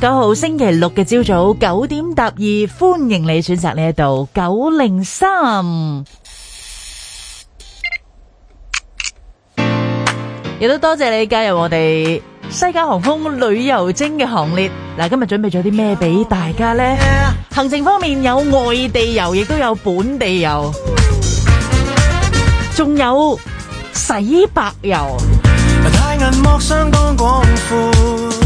九號星期六嘅朝早九點搭二，歡迎你選擇呢一度九零三，亦都多謝你加入我哋西加航空旅遊精嘅行列。嗱，今日準備咗啲咩畀大家呢？行程方面有外地遊，亦都有本地遊，仲有洗白遊。銀幕相當廣闊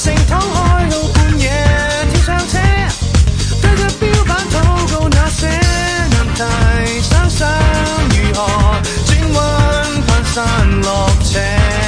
成躺開到半夜，跳上車，對着標板禱告那些難題，想想如何轉彎翻山落斜。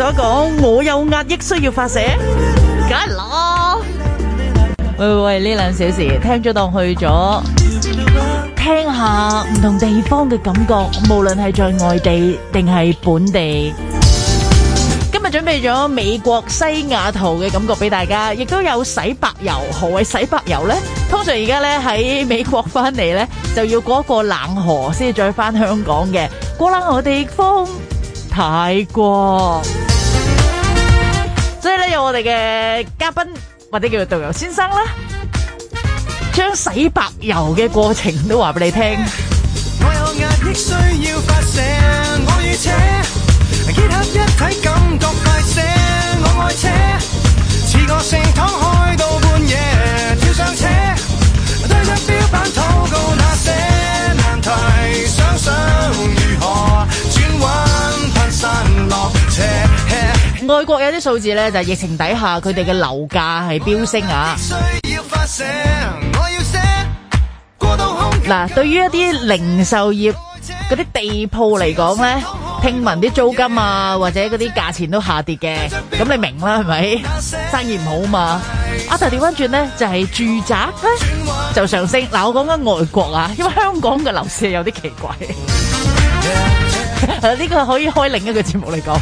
所講，我有壓抑需要發泄，梗係咯。喂喂喂，呢兩小時聽咗當去咗，聽下唔同地方嘅感覺，無論係在外地定係本地。今日準備咗美國西雅圖嘅感覺俾大家，亦都有洗白油。何謂洗白油咧？通常而家咧喺美國翻嚟咧，就要過一個冷河先至再翻香港嘅過冷河嘅地方，泰國。所以咧有我哋嘅嘉賓或者叫做導遊先生啦，將洗白遊嘅過程都話俾你聽。外國有啲數字咧，就係疫情底下佢哋嘅樓價係飆升啊！嗱，對於一啲零售業嗰啲地鋪嚟講咧，聽聞啲租金啊或者嗰啲價錢都下跌嘅，咁你明啦係咪？生意唔好嘛？啊，調返轉咧就係住宅咧就上升。嗱，我講緊外國啊，因為香港嘅樓市有啲奇怪，呢個可以開另一個節目嚟講。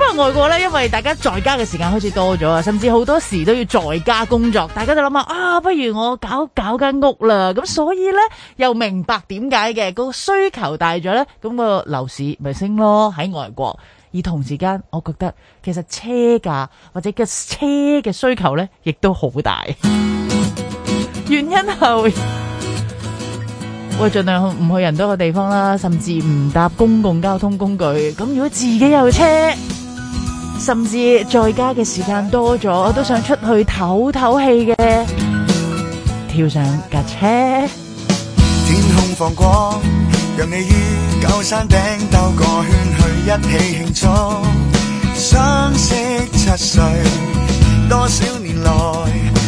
因為外國呢，因為大家在家嘅時間開始多咗啊，甚至好多時都要在家工作，大家就諗下啊，不如我搞搞間屋啦。咁所以呢，又明白點解嘅，個需求大咗呢，咁個樓市咪升咯。喺外國，而同時間，我覺得其實車價或者嘅車嘅需求呢，亦都好大。 原因係我盡量唔去人多嘅地方啦，甚至唔搭公共交通工具。咁如果自己有車。甚至在家嘅時間多咗，我都想出去唞唞氣嘅，跳上架車。天空放光，讓你於舊山頂兜個圈去一起慶祝。相識七歲，多少年來，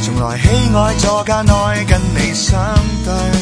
從來喜愛坐架內跟你相對。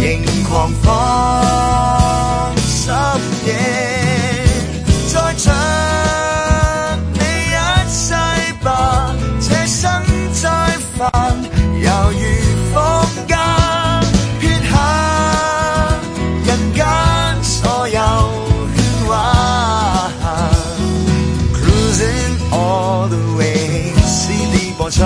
仍狂放心野，再唱你一世吧，這生再犯猶如放假，撇下人間所有牽掛。 Cruising all the way，CD 播出，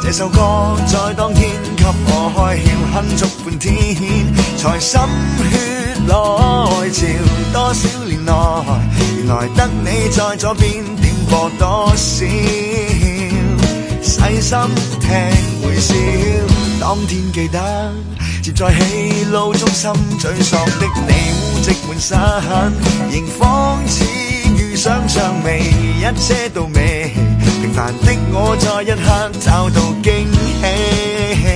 這首歌在當天。給我開竅，哼足半天，才心血來潮。多少年來，原來得你在左邊，點播多少？細心聽會笑。當天記得，接在起路中心，心沮喪的你，污迹滿身，仍仿似遇上，尚未一切到尾。平凡的我，在一刻找到驚喜。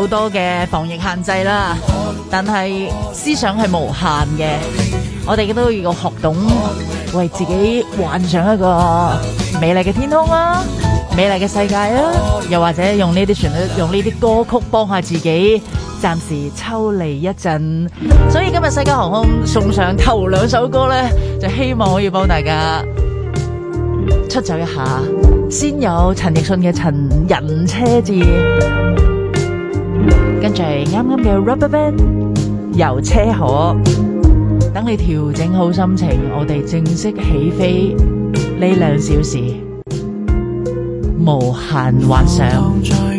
好多嘅防疫限制啦，但係思想係無限嘅，我哋亦都要學懂為自己幻想一個美麗嘅天空啊，美麗嘅世界啊，又或者用呢啲旋律，用呢啲歌曲幫下自己，暫時抽離一陣。所以今日世界航空送上頭兩首歌咧，就希望可以幫大家出走一下。先有陳奕迅嘅《陳人車誌》。跟住啱啱嘅 rubber band 遊車河，等你調整好心情，我哋正式起飛，呢兩小時，無限幻想。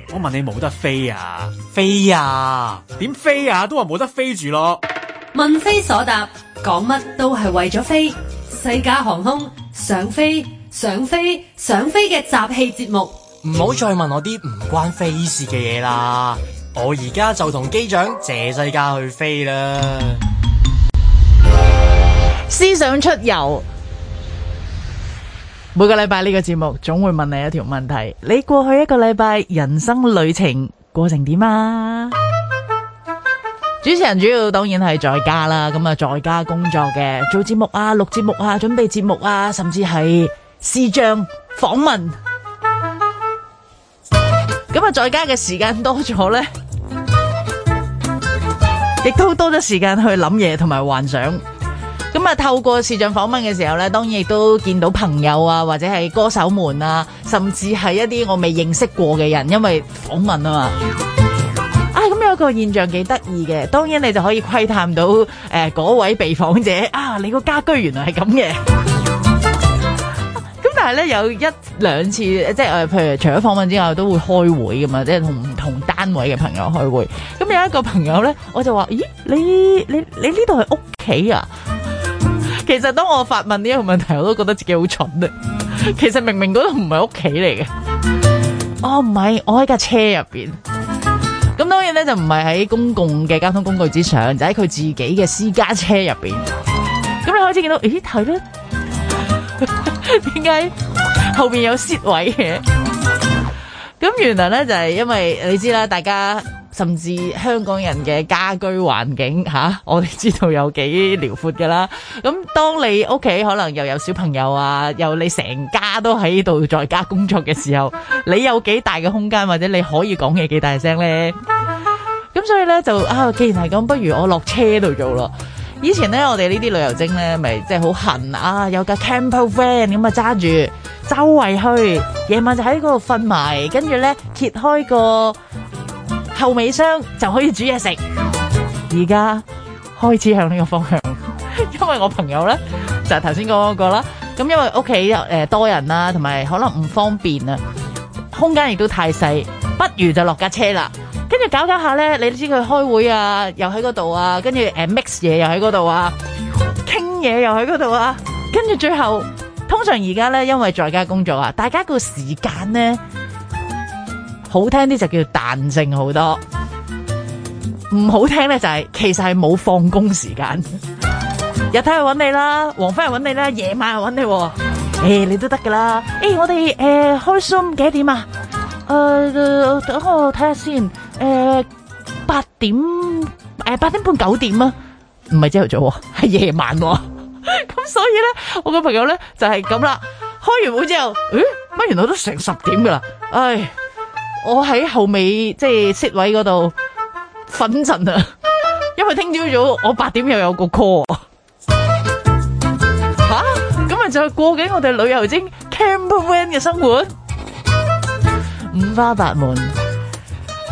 我問你冇得飛啊？飛啊？點飛啊？都話冇得飛住咯。問非所答，講乜都係為咗飛。西加航空想飛想飛想飛嘅雜戲節目，嗯，唔好再問我啲唔關飛事嘅嘢啦。我而家就同機長借世界去飛啦。思想出遊。每個禮拜呢個節目總會問你一條問題，你過去一個禮拜人生旅程過程點啊？ 主持人主要當然係在家啦，咁啊在家工作嘅，做節目啊，錄節目啊，準備節目啊，甚至係視像訪問。咁啊，在家嘅時間多咗呢，亦都多咗時間去諗嘢同埋幻想。咁啊！透過視像訪問嘅時候咧，當然亦都見到朋友啊，或者係歌手們啊，甚至係一啲我未認識過嘅人，因為訪問啊嘛。啊！咁有一個現象幾得意嘅，當然你就可以窺探到誒嗰位被訪者啊。你個家居原來係咁嘅。咁但係咧有一兩次，即係誒，譬如除咗訪問之外，都會開會㗎嘛，即係同唔同單位嘅朋友開會。咁有一個朋友咧，我就話：咦，你你你呢度係屋企啊？其實當我發問呢一個問題，我都覺得自己好蠢啊！其實明明嗰度唔係屋企嚟嘅，哦唔係，我喺架車入邊，咁當然咧就唔係喺公共嘅交通工具之上，就喺佢自己嘅私家車入邊。咁你開始見到，咦睇咧，點解後邊有攝位嘅？咁原來咧就係因為你知啦，大家。甚至香港人嘅家居環境嚇、啊，我哋知道有幾遼闊㗎啦。咁當你屋企可能又有小朋友啊，又你成家都喺度在家工作嘅時候，你有幾大嘅空間，或者你可以講嘢幾大聲咧？咁所以咧就啊，既然係咁，不如我落車度做咯。以前咧，我哋呢啲旅遊精咧，咪即係好痕啊，有架 campervan 咁啊揸住周圍去，夜晚就喺嗰度瞓埋，跟住咧揭開個後尾箱就可以煮嘢食，而家開始向呢個方向，因為我朋友咧就係頭先講嗰個啦。咁因為屋企誒多人啦，啊，同埋可能唔方便啊，空間亦都太細，不如就落架車啦。跟住搞搞下咧，你知佢開會啊，又喺嗰度啊，跟住誒 mix 嘢又喺嗰度啊，傾嘢又喺嗰度啊，跟住最後通常而家咧，因為在家工作啊，大家個時間咧。好聽啲就叫彈性好多，唔好聽咧就係、是、其實係冇放工時間，日頭去搵你啦，黃昏又搵你啦，夜晚又搵你，誒你，你、欸、你都得噶啦，誒、欸、我哋誒、呃、開 Zoom 幾點啊？誒、呃、等我睇下先，誒、呃、八點誒八、呃、點半九點啊？唔係朝頭早，係夜晚、啊，咁、 嗯、所以咧我個朋友咧就係咁啦，開完會之後，嗯乜原來都成十點噶啦，唉。我喺後尾即係位嗰度瞓陣啊，因為聽朝早我八點又有個 call。吓，咁咪就係過緊我哋旅遊精 Camper Van 嘅生活，五花八門。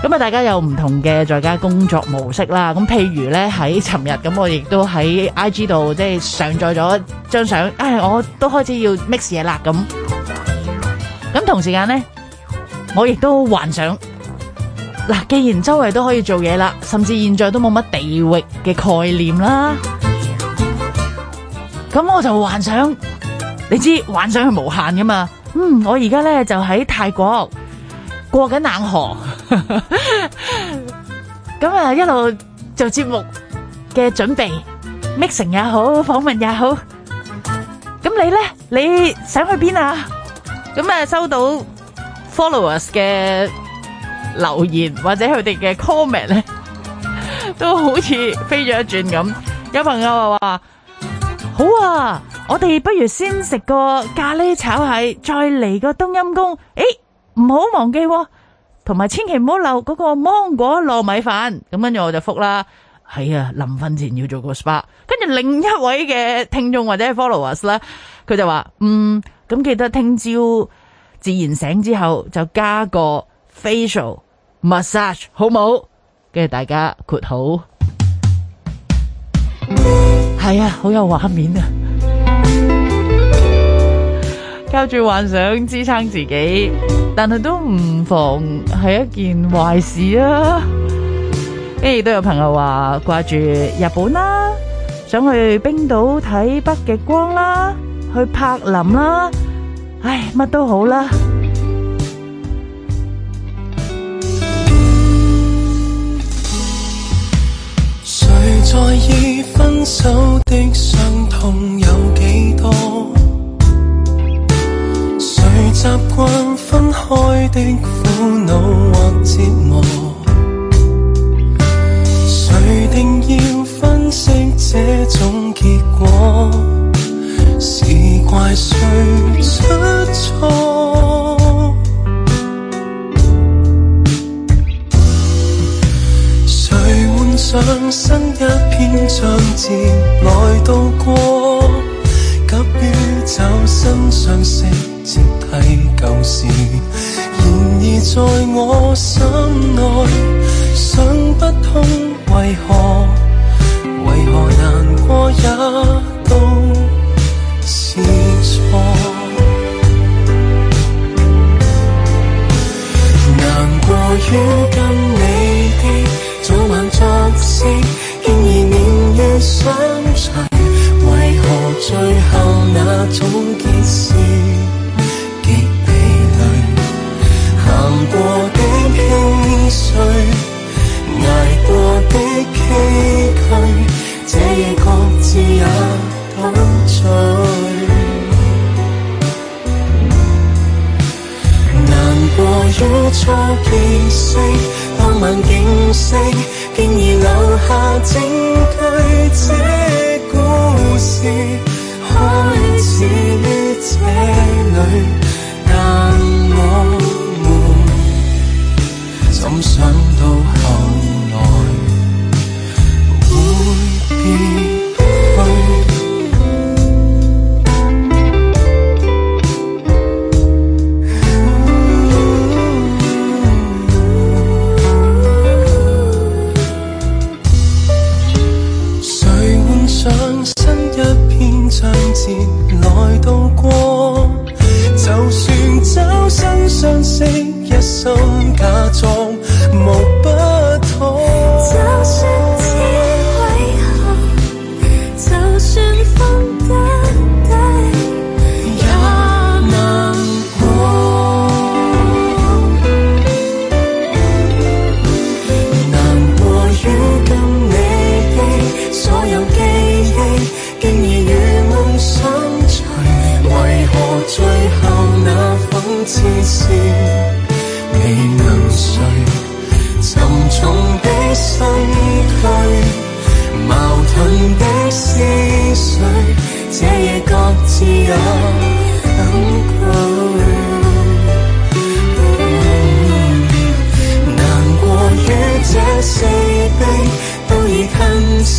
咁啊，大家有唔同嘅在家工作模式啦。咁譬如咧喺尋日，咁我亦都喺 IG 度即係上載咗張相。唉，我都開始要 mix 嘢啦咁。咁同時間咧。我亦都幻想，嗱，既然周圍都可以做嘢啦，甚至現在都冇乜地域嘅概念啦，咁我就幻想，你知幻想係無限噶嘛？嗯，我而家咧就喺泰國過緊冷河，咁啊一路做節目嘅準備，mixing 也好，訪問也好，咁你咧你想去邊啊？咁啊收到。followers 嘅留言或者佢哋嘅 comment 咧，都好似飛咗一轉咁。有朋友就話：好啊，我哋不如先食個咖喱炒蟹，再嚟個冬陰功。誒、欸，唔好忘記、哦，同埋千祈唔好漏嗰個芒果糯米飯。咁跟住我就覆啦。係、哎、啊，臨瞓前要做個 spa。跟住另一位嘅聽眾或者 followers 咧，佢就話：嗯，咁記得聽朝。自然醒之後就加個 facial massage 好冇？跟住大家括號係 啊，好有畫面啊！靠 住幻想支撐自己，但係都唔妨係一件壞事啊！亦， 都有朋友話掛住日本啦，想去冰島睇北極光啦，去柏林啦。唉，乜都好啦。誰在意分手的傷痛有幾多？誰習慣分開的苦惱或折磨？誰定要分析這種結果？是怪誰出錯？誰換上新一篇章節來度過？急於找新訊息，接替舊事。然而在我心內想不通，為何，為何難過也都？錯，難過於跟你的早晚作息，經年年月相隨，為何最後那種結事？極疲累，行過的輕碎，捱過的崎嶇，這夜各自也倒退。如初結識，當晚景色，竟然留下證據。這故事開始於這裏，但我們怎想？是未能睡，沉重的心軀，矛盾的思緒，這夜各自有恐懼。 難過與這死別，都已褪色，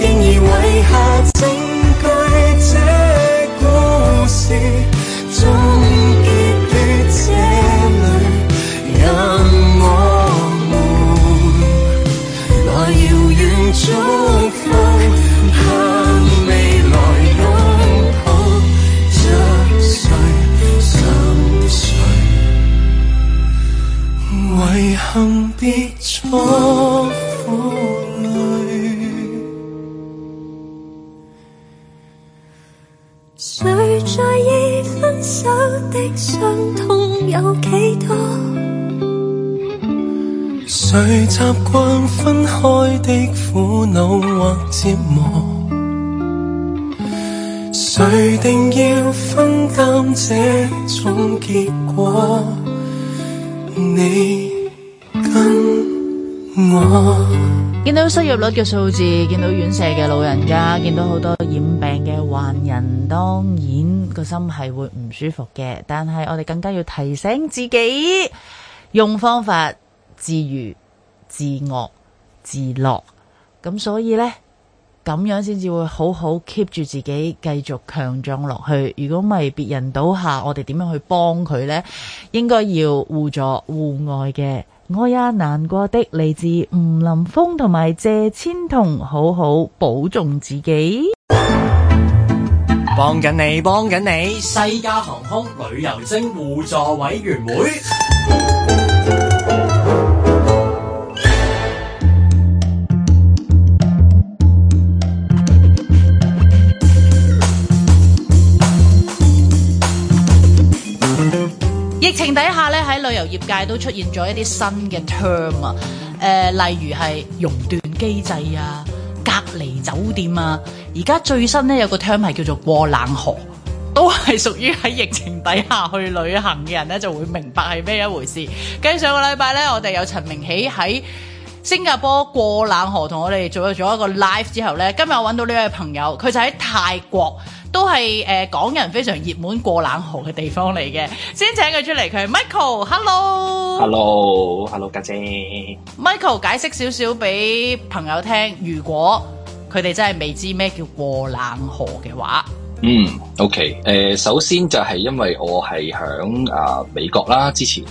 竟已遺下。誰習慣分開的苦惱或折磨？誰定要分擔這種結果？你跟我見到失業率嘅數字，見到院舍嘅老人家，見到好多染病嘅患人，當然個心係會唔舒服嘅。但係我哋更加要提醒自己，用方法自愈。自惡自樂，咁所以呢，咁樣先至會好好 keep 住自己，繼續強壯落去。如果唔係別人倒下，我哋點樣去幫佢呢？應該要互助互愛嘅。我也難過的，嚟自吳林峰同埋謝千彤，好好保重自己。幫緊你，幫緊你，西加航空旅遊精互助委員會。疫情底下咧，喺旅遊業界都出現咗一啲新嘅 term 啊，誒、呃，例如係熔斷機制啊、隔離酒店啊，而家最新咧有個 term 係叫做過冷河，都係屬於喺疫情底下去旅行嘅人咧就會明白係咩一回事。跟住上個禮拜咧，我哋有陳明喜喺新加坡過冷河，同我哋做咗一個 live 之後咧，今日我搵到呢位朋友，佢就喺泰國。都係、呃、港人非常熱門過冷河嘅地方嚟嘅，先請佢出嚟，佢係 Michael，Hello，Hello，Hello，家姐，姐，Michael 解釋少少俾朋友聽，如果佢哋真係未知咩叫過冷河嘅話，嗯，OK，呃，首先就係因為我係響啊美國啦，之前。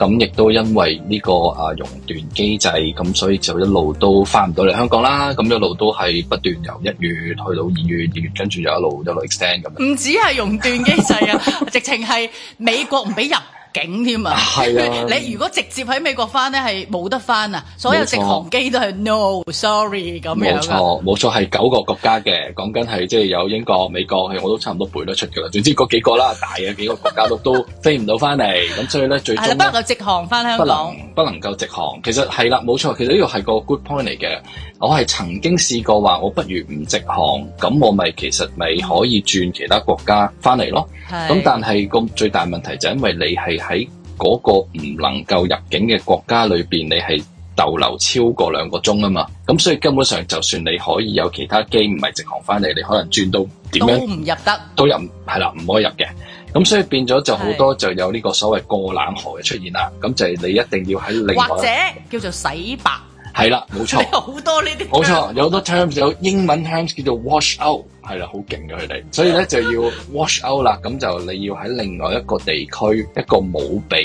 咁亦都因為呢個啊熔斷機制，咁所以就一路都返唔到嚟香港啦。咁一路都係不斷由一月去到二月、二月，跟住就一路一路 extend 咁。唔止係熔斷機制啊， 直情係美國唔俾入。景添啊！係、啊、 你如果直接喺美國翻咧，係冇得翻啊！所有直航機都係 no sorry 咁樣。冇錯，冇錯，係九個國家嘅，講緊係即係有英國、美國，係我都差唔多背得出噶啦。總之嗰幾個啦，大嘅幾個國家都都飛唔到翻嚟。咁 所以咧，最終啦、啊、不能夠直航翻香港，不能，不能夠直航。其實係啦，冇錯、啊，其實呢個係個 good point 嚟嘅。我係曾經試過話，我不如唔直航，咁我咪其實咪可以轉其他國家翻嚟咯。咁但係咁最大問題就係因為你係喺嗰個唔能夠入境嘅國家裏邊，你係逗留超過兩個鐘啊嘛。咁所以根本上，就算你可以有其他機唔係直航翻嚟，你可能轉到點樣都唔入得，都入係啦，唔可以入嘅。咁所以變咗就好多就有呢個所謂過冷河嘅出現啦。咁就係你一定要喺另外一個或者叫做洗白。係啦，冇錯，冇錯，有好多 terms，有英文 terms 叫做 wash out，係啦，好勁嘅，佢哋，所以咧就要 wash out 啦，咁就你要喺另外一個地區，一個冇俾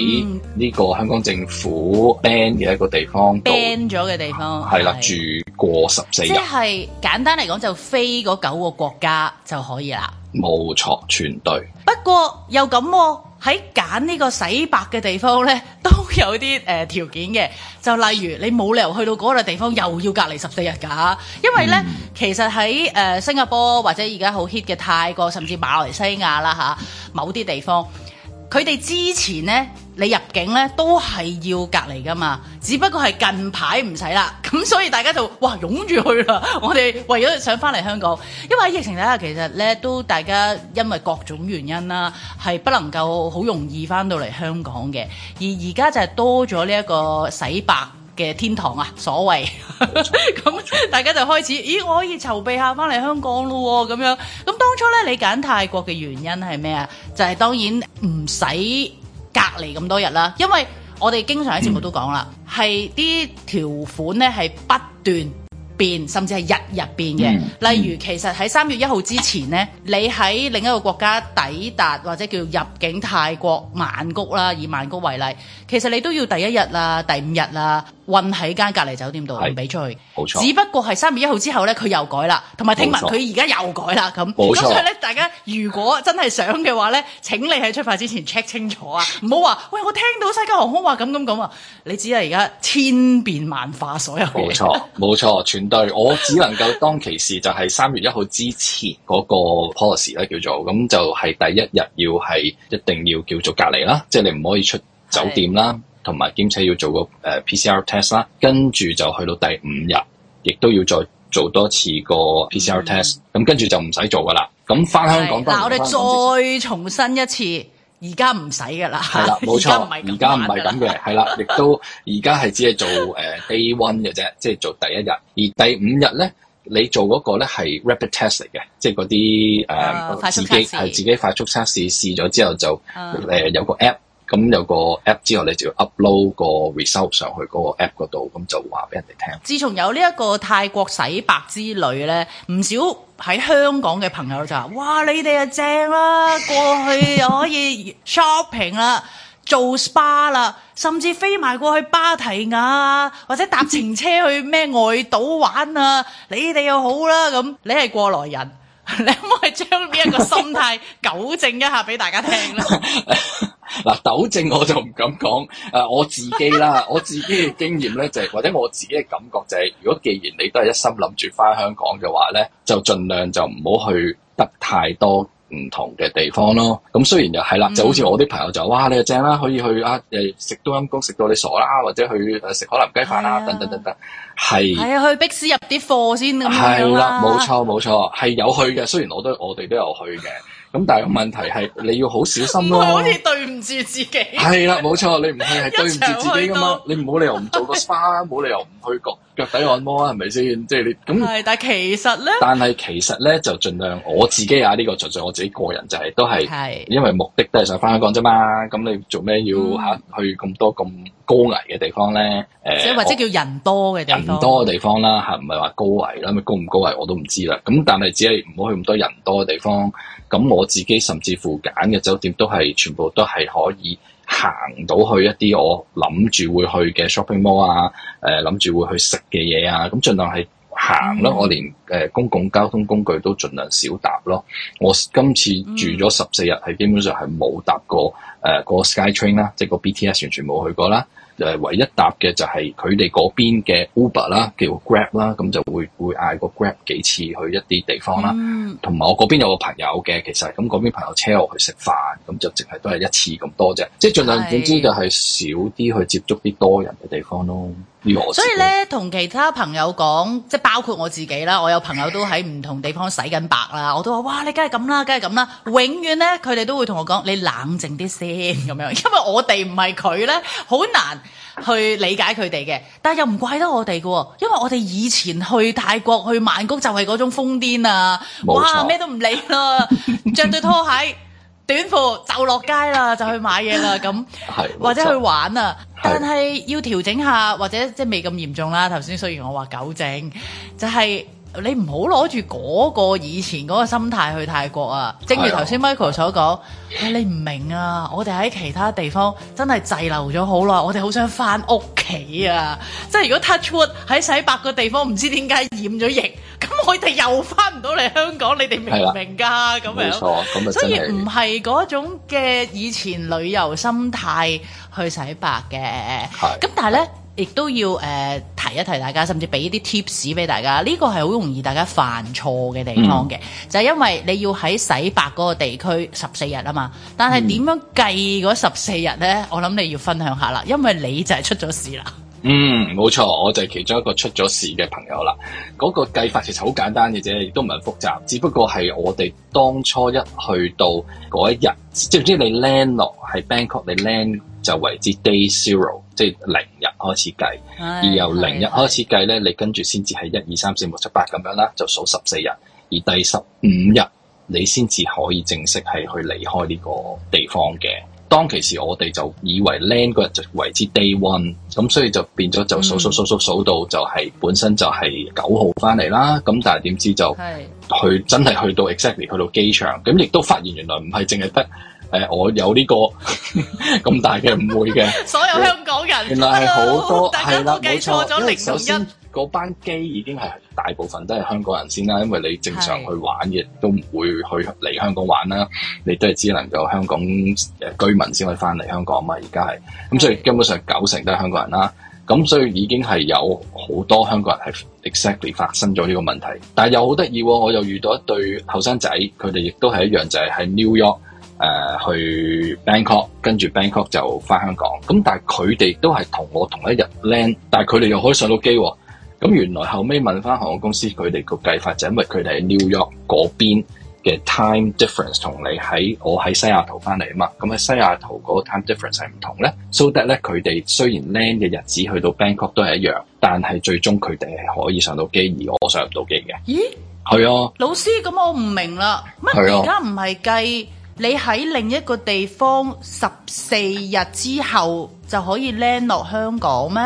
呢個香港政府 ban 嘅一個地方 ban 咗嘅地方，係啦，住過十四日，即係簡單嚟講就飛嗰九個國家就可以啦，冇錯，全對。不過又咁喎。喺揀呢個洗白嘅地方呢，都有啲誒、呃、條件嘅。就例如你冇理由去到嗰個地方又要隔離十四日㗎，因為呢其實喺誒、呃、新加坡或者而家好 hit 嘅泰國甚至馬來西亞啦嚇、啊，某啲地方。佢哋之前呢，你入境呢都係要隔離噶嘛，只不過係近排唔使啦，咁所以大家就哇擁住去啦！我哋為咗想翻嚟香港，因為喺疫情底下其實呢都大家因為各種原因啦，係不能夠好容易翻到嚟香港嘅，而而家就係多咗呢一個洗白。嘅天堂啊，所謂咁， 大家就開始，咦，我可以籌備下翻嚟香港咯喎，咁樣咁當初呢，你揀泰國嘅原因係咩啊？就係、是、當然唔使隔離咁多日啦，因為我哋經常喺節目都講啦，係、嗯、啲條款呢係不斷變，甚至係日日變嘅、嗯。例如，其實喺三月一號之前呢，你喺另一個國家抵達或者叫入境泰國曼谷啦，以曼谷為例，其實你都要第一日啦、第五日啦。困喺間隔離酒店度，唔俾出去。冇錯。只不過係三月一號之後咧，佢又改啦，同埋聽聞佢而家又改啦。咁咁所以咧，大家如果真係想嘅話咧，請你喺出發之前 check 清楚啊，唔好話喂，我聽到西加航空話咁咁咁啊。你只係而家千變萬化，所有冇錯冇錯，全對。我只能夠當其時就係三月一號之前嗰個 policy 咧，叫做咁，就係第一日要係一定要叫做隔離啦，即係你唔可以出酒店啦。同埋兼且要做個 PCR test 啦，跟住就去到第五日，亦都要再做多次個 PCR test，咁跟住就唔使做㗎啦。咁翻香港嗱，我哋再重申一次，而家唔使㗎啦。係啦，冇錯，而家唔係咁嘅，係啦，亦 都而家係只係做 day one 嘅啫，即係做第一日。而第五日咧，你做嗰個咧係 rapid test 嚟嘅，即係嗰啲誒自己自己快速測試試咗之後就、uh. 呃、有個 app。咁有個 app 之後，你就要 upload 個 result 上去嗰個 app 嗰度，咁就話俾人哋聽。自從有呢一個泰國洗白之旅咧，唔少喺香港嘅朋友就話：「哇，你哋啊正啦，過去又可以 shopping 啦，做 spa 啦，甚至飛埋過去芭提雅，或者搭程車去咩外島玩啊。你哋又好啦，咁你係過來人。 你可唔可以將呢一個心態糾正一下俾大家聽咧？嗱，糾正我就唔敢講。誒，我自己啦，我自己嘅經驗咧，就係，就或者我自己嘅感覺就係，係，如果既然你都係一心諗住翻香港嘅話咧，就盡量就唔好去得太多。唔同嘅地方咯，咁雖然又係啦，就好似我啲朋友就話、嗯：哇，你就正啦，可以去啊食冬蔭功食到你傻啦，或者去食海南雞飯啦，啊、等等等等，係係啊，去碧斯入啲貨先咁、啊、樣啦。係啦、啊，冇錯冇錯，係有去嘅。雖然我都我哋都有去嘅。 咁但係問題係你要好小心咯，唔係好對唔住自己係啦，冇錯，你唔係係對唔住自己噶 嘛？你唔好理由唔做個 spa，冇理由唔去腳底按摩啊？係咪先？即係你咁係，但係其實咧，但係其實咧就儘量我自己啊。呢、這個純粹我自己個人就係、是、都係，因為目的都係想翻香港啫嘛。咁你做咩要去咁多咁、嗯、高危嘅地方咧？誒，或者叫人多嘅地方，呃、人多嘅地方啦，係唔係話高危啦？咪高唔高危我都唔知啦。咁但係只係唔好去咁多人多嘅地方。咁我自己甚至乎揀嘅酒店都係全部都係可以行到去一啲我諗住會去嘅 shopping mall 啊、呃，誒諗住會去食嘅嘢啊，咁儘量係行咯、嗯。我連誒、呃、公共交通工具都儘量少搭咯。我今次住咗十四日係基本上係冇搭過誒個、呃、Skytrain 啦，即係個 BTS 完全冇去過啦。誒唯一搭嘅就係佢哋嗰邊嘅 Uber 啦，叫 Grab 啦，咁就會會嗌個 Grab 幾次去一啲地方啦。嗯，同埋我嗰邊有個朋友嘅，其實咁嗰邊朋友車我去食飯，咁就淨係都係一次咁多啫，即係儘量總之就係少啲去接觸啲多人嘅地方咯。所以咧，同其他朋友講，即係包括我自己啦，我有朋友都喺唔同地方洗緊白啦，我都話：哇，你梗係咁啦，梗係咁啦，永遠咧，佢哋都會同我講：你冷靜啲先咁樣，因為我哋唔係佢咧，好難去理解佢哋嘅。但係又唔怪得我哋喎，因為我哋以前去泰國、去曼谷就係嗰種瘋癲啊，哇，咩都唔理啦，着對拖鞋。 短褲就落街啦，就去買嘢啦，咁 或者去玩啊！但係要調整下，或者即係未咁嚴重啦。頭先雖然我話糾正，就係、是。你唔好攞住嗰個以前嗰個心態去泰國啊！正如頭先 Michael 所講、哎，你唔明啊！我哋喺其他地方真係滯留咗好耐，我哋好想翻屋企啊！ 即係如果 Touchwood 喺洗白個地方唔知點解染咗疫，咁我哋又翻唔到嚟香港，你哋明唔明㗎？咁樣冇錯，所以咁唔係嗰種嘅以前旅遊心態去洗白嘅。咁但係呢。亦都要誒、呃、提一提大家，甚至俾啲 tips 俾大家。呢個係好容易大家犯錯嘅地方嘅、嗯，就係因為你要喺洗白嗰個地區十四日啊嘛。但係點樣計嗰十四日呢？嗯、我諗你要分享下啦，因為你就係出咗事啦。嗯，冇錯，我就係其中一個出咗事嘅朋友啦。嗰個計法其實好簡單嘅啫，亦都唔係複雜，只不過係我哋當初一去到嗰一日，知唔知你 land 落係 Bangkok，你 land。就為之 day zero，即係零日開始計。而由零日開始計呢，你跟住先至係一二三四五六七八咁樣啦，就數十四日。而第十五日，你先至可以正式係去離開呢個地方嘅。當其時我哋就以為 land 嗰日就為之 day one，咁所以就變咗就數、嗯、數數數數到就係本身就係九號翻嚟啦。咁但係點知就去，去真係去到 exactly 去到機場，咁亦都發現原來唔係淨係得。誒，我有呢、這個咁 大嘅誤會嘅， 所有香港人原來係好多係啦，冇錯咗零零一嗰班機已經係大部分都係香港人先啦。因為你正常去玩亦都唔會去嚟香港玩啦，你都係只能夠香港誒居民先可以翻嚟香港嘛。而家係咁，所以根本上九成都係香港人啦。咁所以已經係有好多香港人係 exactly 發生咗呢個問題，但係又好得意，我又遇到一對後生仔，佢哋亦都係一樣，就係喺 New York，誒、uh, 去 Bangkok，跟住 Bangkok 就翻香港咁，但係佢哋都係同我同一日 land，但係佢哋又可以上到機喎、哦。咁原來後尾問翻航空公司，佢哋個計法就因為佢哋喺 New York 嗰邊嘅 time difference 同你喺我喺西雅圖翻嚟啊嘛。咁喺西雅圖嗰個 time difference 係唔同咧，so that 咧佢哋雖然 land 嘅日子去到 Bangkok 都係一樣，但係最終佢哋係可以上到機，而我上唔到機嘅。咦？係啊，老師，咁我唔明啦，乜而家唔係計？你喺另一個地方十四日之後就可以 land 落香港咩？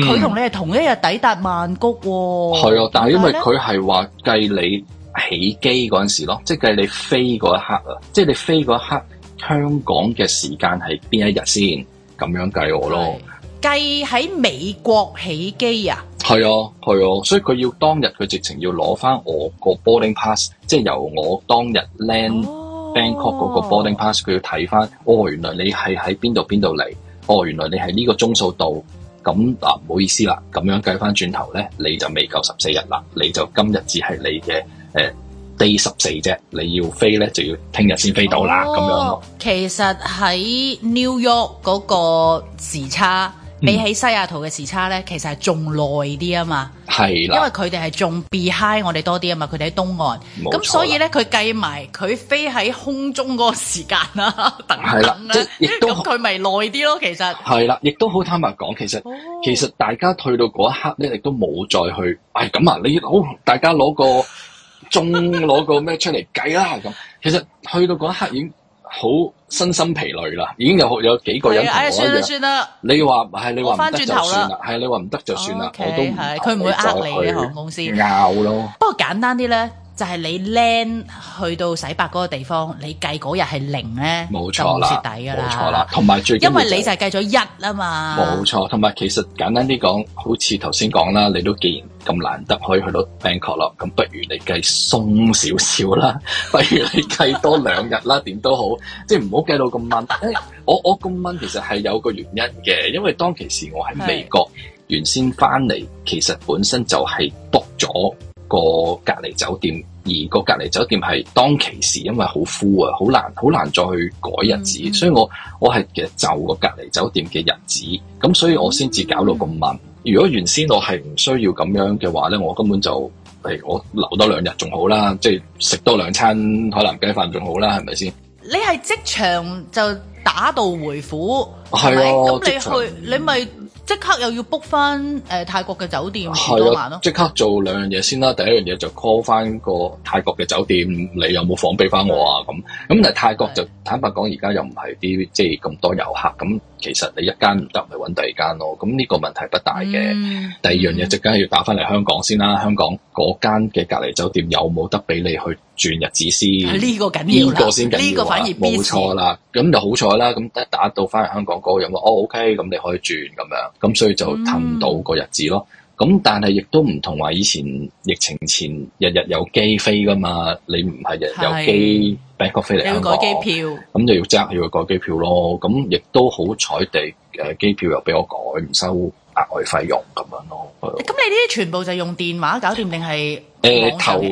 佢、嗯、同你係同一日抵達曼谷喎、哦。係啊，但係因為佢係話計你起機嗰陣時咯，即係計你飛嗰一刻啊！即、就、係、是、你飛嗰一刻，香港嘅時間係邊一日先咁樣計我咯？計喺美國起機啊？係啊，係啊，所以佢要當日佢直情要攞翻我個 boarding pass，即係由我當日 land、哦。Bangkok 嗰個 boarding pass，佢要睇翻，哦，原來你係喺邊度邊度嚟，哦，原來你係呢個鐘數度，咁嗱唔好意思啦，咁樣計翻轉頭咧，你就未夠十四日啦，你就今日只係你嘅誒、呃、day 十四啫，你要飛咧就要聽日先飛到啦，咁、哦、樣。其實喺 New York 嗰個時差。比、嗯、起西雅圖嘅時差咧，其實係仲耐啲啊嘛，係啦，因為佢哋係仲 behind 我哋多啲啊嘛，佢哋喺東岸，咁所以咧佢計埋佢飛喺空中嗰個時間啊等等啦，咁佢咪耐啲咯，其實係啦，亦都好坦白講，其實、哦、其實大家去到嗰一刻咧，亦都冇再去，哎咁啊，你好，大家攞個鐘攞 個咩出嚟計啦咁，其實去到嗰一刻已經。好身心疲累啦，已經有有幾個人唔可以啦。你話係，你話唔得就算啦，係你話唔得就算啦，Okay,，我都唔、啊、咬咯。不過簡單啲咧。就係你 land 去到洗白嗰個地方，你計嗰日係零咧，冇錯啦，冇錯啦。同埋最緊要，因為你就係計咗一啊嘛，冇錯。同埋其實簡單啲講，好似頭先講啦，你都既然咁難得可以去到 Bangkok 咯，咁不如你計鬆少少啦，不如你計多兩日啦，點都好，即係唔好計到咁掹。我我咁掹其實係有個原因嘅，因為當其時我喺美國，原先翻嚟其實本身就係 book 咗個隔離酒店。而個隔離酒店係當其時，因為好枯啊，好難好難再去改日子，所以我我係其實就個隔離酒店嘅日子咁，所以我先至搞到咁慢。如果原先我係唔需要咁樣嘅話咧，我根本就譬如我留多兩日仲好啦，即係食多兩餐海南雞飯仲好啦，係咪先？你係即場就打道回府係咯，咁、啊、你去你咪、就係。即刻又要 book 翻泰國嘅酒店幾多萬咯？即刻、啊、做兩樣嘢先啦，第一樣嘢就 call 翻個泰國嘅酒店，嗯、你有冇房俾翻我啊？咁、嗯、咁但係泰國就坦白講，而家又唔係啲即係咁多遊客，咁其實你一間唔得，咪揾第二間咯。咁呢個問題不大嘅、嗯。第二樣嘢即刻要打翻嚟香港先啦，香港嗰間嘅隔離酒店有冇得俾你去？轉日子先，呢、啊這個緊要呢、這個先緊要啦、啊，反而冇錯啦。咁就好彩啦，咁一打到翻嚟香港嗰個人話哦，OK，咁你可以轉咁樣，咁所以就氹到個日子咯。咁、嗯、但係亦都唔同話以前疫情前日日有機飛噶嘛，你唔係日有機 Bangkok 飛嚟香港要改機票，咁就要爭要改機票咯。咁亦都好彩地，誒機票又俾我改，唔收額外費用咁樣咯。咁你呢啲全部就用電話搞掂定係？誒、欸，頭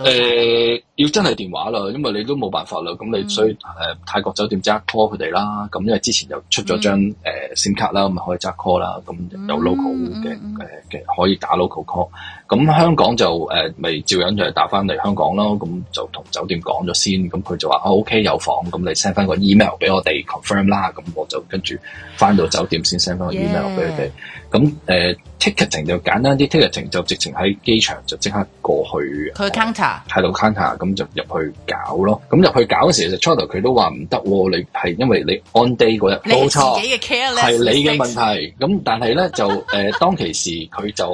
誒、欸，要真係電話啦、嗯，因為你都冇辦法啦，咁你所以誒、呃、泰國酒店揸 call 佢哋啦，咁因為之前又出咗張誒 sim 卡啦，咁咪可以揸 call 啦，咁有 local 嘅誒嘅可以打 local call，咁香港就誒咪、嗯呃、照樣就係打翻嚟香港咯，咁就同酒店講咗先，咁佢就話啊 OK 有房，咁你 send 翻個 email 俾我哋 confirm 啦，咁我就跟住翻到酒店先 send 翻個 email 俾佢哋。咁誒、呃、ticketing 就簡單啲 ticketing 就直情喺機場就即刻過去去 counter，喺度 counter，咁就入去搞咯。咁入去搞嘅時候，其實初頭佢都話唔得喎，你係因為你 on day 嗰日冇錯，係你嘅問題。咁 但係咧就誒，呃、 當其時佢就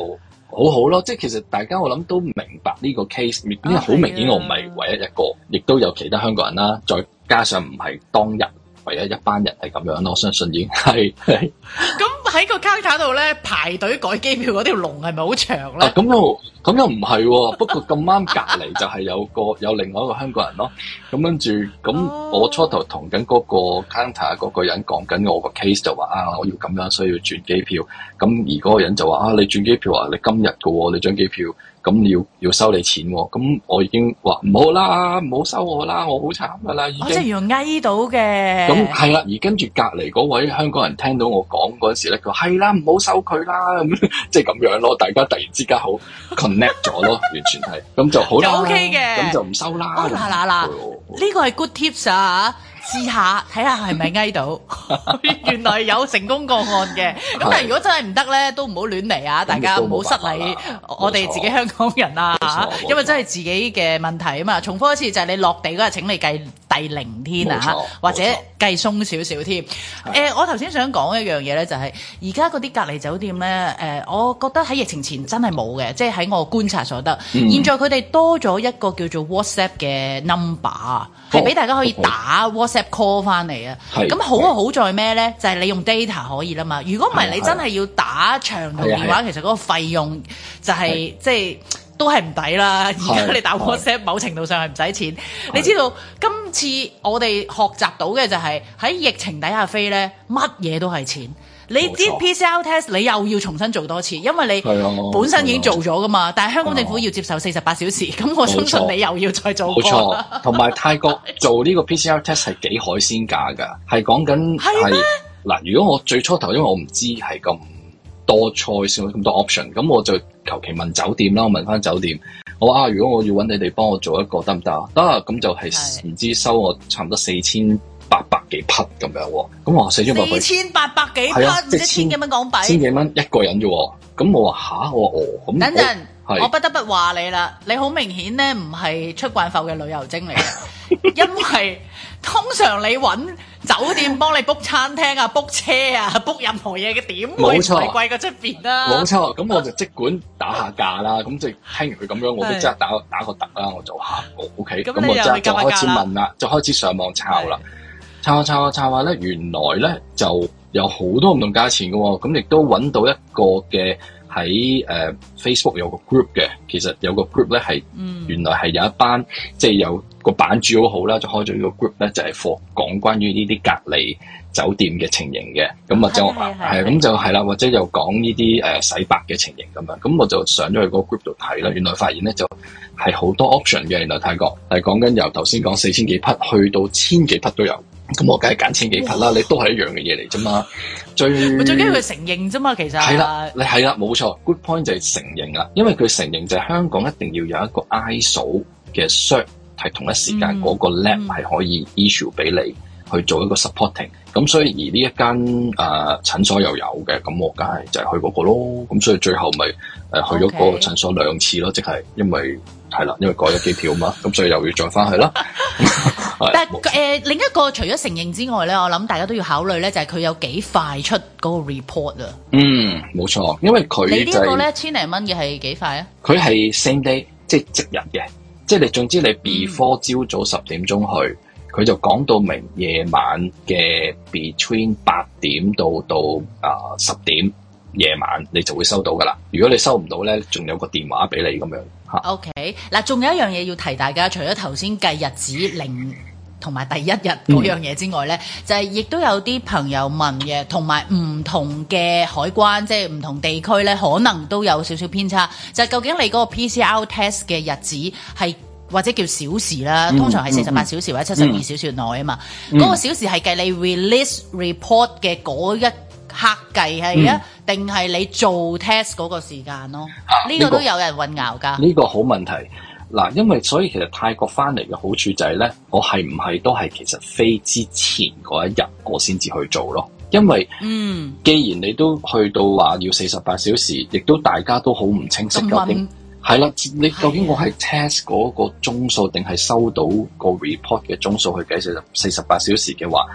好好咯。即係其實大家我諗都明白呢個 case，因為好明顯我唔係唯一一個，亦都有其他香港人啦，再加上唔係當日。唯一一班人係咁樣咯，我相信已經係係。咁喺個 counter 度咧排隊改機票嗰條龍係咪好長啦？咁又咁又唔係喎，嗯嗯嗯不，哦、 不過咁啱隔離就係有個 有另外一個香港人咯。咁、嗯嗯、跟住，咁我初頭同緊嗰個 counter 嗰個人講緊我個 case 就話啊，我要咁樣需要轉機票。咁而嗰個人就話啊，你轉機票啊，你今日㗎喎，你張機票。咁要要收你錢喎，咁我已經話唔好啦，唔好收我啦，我好慘噶啦，我即係要翳到嘅。咁係啦，而跟住隔籬嗰位香港人聽到我講嗰時咧，佢話係啦，唔好收佢啦，咁即係咁樣咯，大家突然之間好 connect 咗咯， 完全係咁就好啦。就 OK 嘅，咁就唔收啦。嗱嗱嗱呢個係 good tips 啊！試下睇下係咪挨到， 原來有成功個案嘅。咁 但係如果真係唔得咧，都唔好亂嚟啊！ 大家唔好失禮，我哋自己香港人啊，因為真係自己嘅問題啊嘛。重複一次就係你落地嗰日請你計第零天啊，或者計鬆少少添。誒，我頭先想講一樣嘢咧，就係而家嗰啲隔離酒店咧、呃，我覺得喺疫情前真係冇嘅，即係喺我觀察所得。嗯、現在佢哋多咗一個叫做 WhatsApp 嘅 number。係俾大家可以打 WhatsApp call 翻嚟啊！咁好啊，好在咩呢？就係、是、你用 data 可以啦嘛。如果唔係，你真係要打長途電話，其實嗰個費用就係即係都係唔抵啦。而家你打 WhatsApp，某程度上係唔使錢。你知道今次我哋學習到嘅就係、是、喺疫情底下飛呢，乜嘢都係錢。你知 PCR test 你又要重新做多次，因為你本身已經做咗噶嘛。但係香港政府要接受四十八小時，咁、啊、我相信你又要再做過。冇錯，同埋泰國做呢個 PCR test 係幾海鮮價噶，係講緊係嗱。如果我最初頭，因為我唔知係咁多 choice，h o 咁多 option，咁我就求其問酒店啦。我問翻酒店，我話啊，如果我要揾你哋幫我做一個得唔得？得，咁就係、是、唔知收我差唔多四千八百。幾匹咁樣喎？咁我四千八百，四千八百幾匹，一千,、啊、千幾蚊港幣，千幾蚊一個人啫喎。咁我話吓、啊，我哦咁。等陣，我不得不話你啦，你好明顯咧唔係出慣埠嘅旅遊精嚟， 因為通常你揾酒店幫你 book 餐廳啊，book 車啊，book 任何嘢嘅點，冇錯、啊，貴過出邊啦。冇錯，咁我就即管打下價啦。咁即係聽完佢咁樣，我都即刻打打個突啦。我就吓，O K，咁我就係就開始問啦，就開始上網抄啦。查下查下查下咧，原來咧就有好多唔同價錢嘅喎。咁亦都揾到一個嘅喺 Facebook 有個 group 嘅。其實有個 group 咧係、嗯、原來係有一班即係有個版主好好啦，就開咗呢個 group 咧，就係講關於呢啲隔離酒店嘅情形嘅。咁、嗯、啊，就係係咁就係啦，或者又講呢啲洗白嘅情形咁樣。咁我就上咗去個 group 度睇啦。原來發現咧就係好多 option 嘅。原來泰國係講緊由頭先講四千幾匹去到千幾匹都有。咁我梗係揀千幾匹啦，你都係一樣嘅嘢嚟啫嘛。最最緊要佢承認啫嘛，其實係啦，你係啦，冇錯。Good point 就係承認啦，因為佢承認就係香港一定要有一個 ISO 嘅 shirt 係同一時間嗰個 lab 係可以 issue 俾你、嗯、去做一個 supporting。咁所以而呢一間啊、呃、診所又有嘅，咁我梗係就係去嗰個咯。咁所以最後咪去咗嗰個診所兩次咯，okay. 即係因為。係啦，因為改咗機票嘛，咁所以又要再翻去啦。 但係誒、呃，另一個除咗承認之外咧，我諗大家都要考慮咧，就係、是、佢有幾快出嗰個 report 啊。嗯，冇錯，因為佢、就是、你個呢個咧千零蚊嘅係幾快啊？佢係 same day，即係即日嘅，即係總之你 before 朝早十點鐘去，佢、嗯、就講到明夜晚嘅 between 八點到到啊十點夜晚，你就會收到噶啦。如果你收唔到咧，仲有個電話俾你咁樣。O K，嗱，仲有一樣嘢要提大家，除咗頭先計日子零同埋第一日嗰樣嘢之外呢、嗯、就係亦都有啲朋友問嘅，同埋唔同嘅海關，即係唔同地區呢，可能都有少少偏差。就係、究竟你嗰個 PCR test 嘅日子係或者叫小時啦，嗯、通常係四十八小時或者七十二小時內啊嘛，嗰、嗯嗰個小時係計你 release report 嘅嗰一。客計係啊，定、嗯、係你做 test 嗰個時間咯？呢、啊呢個都、呢個、有人混淆㗎。呢個好問題。嗱，因為所以其實泰國翻嚟嘅好處就係咧，我係唔係都係其實飛之前嗰一日我先至去做咯？因為嗯，既然你都去到話要四十八小時，亦都大家都好唔清晰、嗯、究竟係、嗯、啦、啊，你究竟我係 test 嗰個鐘數定係收到個 report 嘅鐘數去計四十四十八小時嘅話？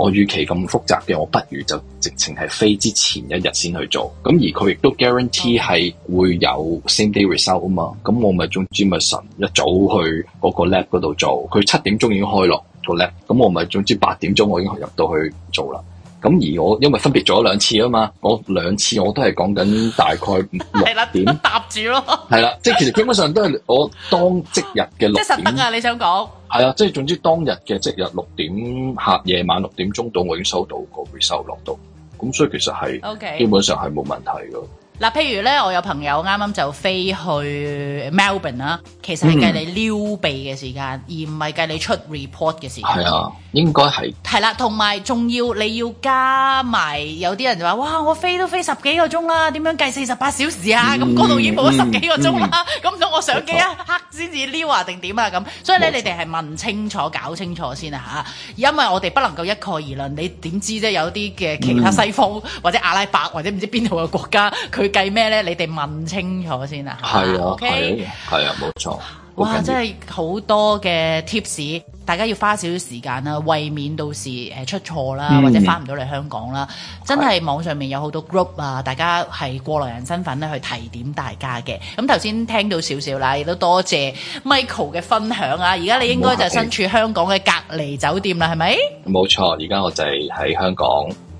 我預期咁複雜嘅，我不如就直情係飛之前一日先去做。咁而佢亦都 guarantee 係會有 same day result 啊嘛。咁我咪總之咪晨一早去嗰個 lab 嗰度做。佢七點鐘已經開落個 lab，咁我咪總之八點鐘我已經入到去做啦。咁而我因為分別咗兩次啊嘛，我兩次我都係講緊大概六點搭住咯，係 啦對了， 即係其實基本上都係我當即日嘅六點，即實得啊！你想講係啊，即係總之當日嘅即日六點客夜晚六點鐘到，到，我已經收到個回收落到，咁所以其實係 OK，基本上係冇問題㗎。嗱，譬如咧，我有朋友啱啱就飛去 Melbourne 啦，其實係計你撩鼻嘅時間，嗯、而唔係計你出 report 嘅時間，係啊。應該係係啦，同埋仲要你要加埋有啲人就話：，哇，我飛都飛十幾個鐘啦，點樣計四十八小時啊？咁嗰度已經冇咗十幾個鐘啦，咁、嗯、到、嗯、我上機一刻先至撩啊，定點啊？咁所以咧，你哋係問清楚、搞清楚先啊，吓！因為我哋不能夠一概而論，你點知啫？有啲嘅其他西方、嗯、或者阿拉伯或者唔知邊度嘅國家，佢計咩咧？你哋問清楚先啊！係啊，係、okay? 啊，冇錯、啊。哇，真係好多嘅 tips。大家要花少少時間啦，為免到時誒出錯啦，或者返唔到嚟香港啦、嗯，真係網上面有好多 group 啊，大家係過來人身份咧去提點大家嘅。咁頭先聽到少少啦，亦都多謝，謝 Michael 嘅分享啊！而家你應該就身處香港嘅隔離酒店啦，係、嗯、咪？冇錯，而家我就係喺香港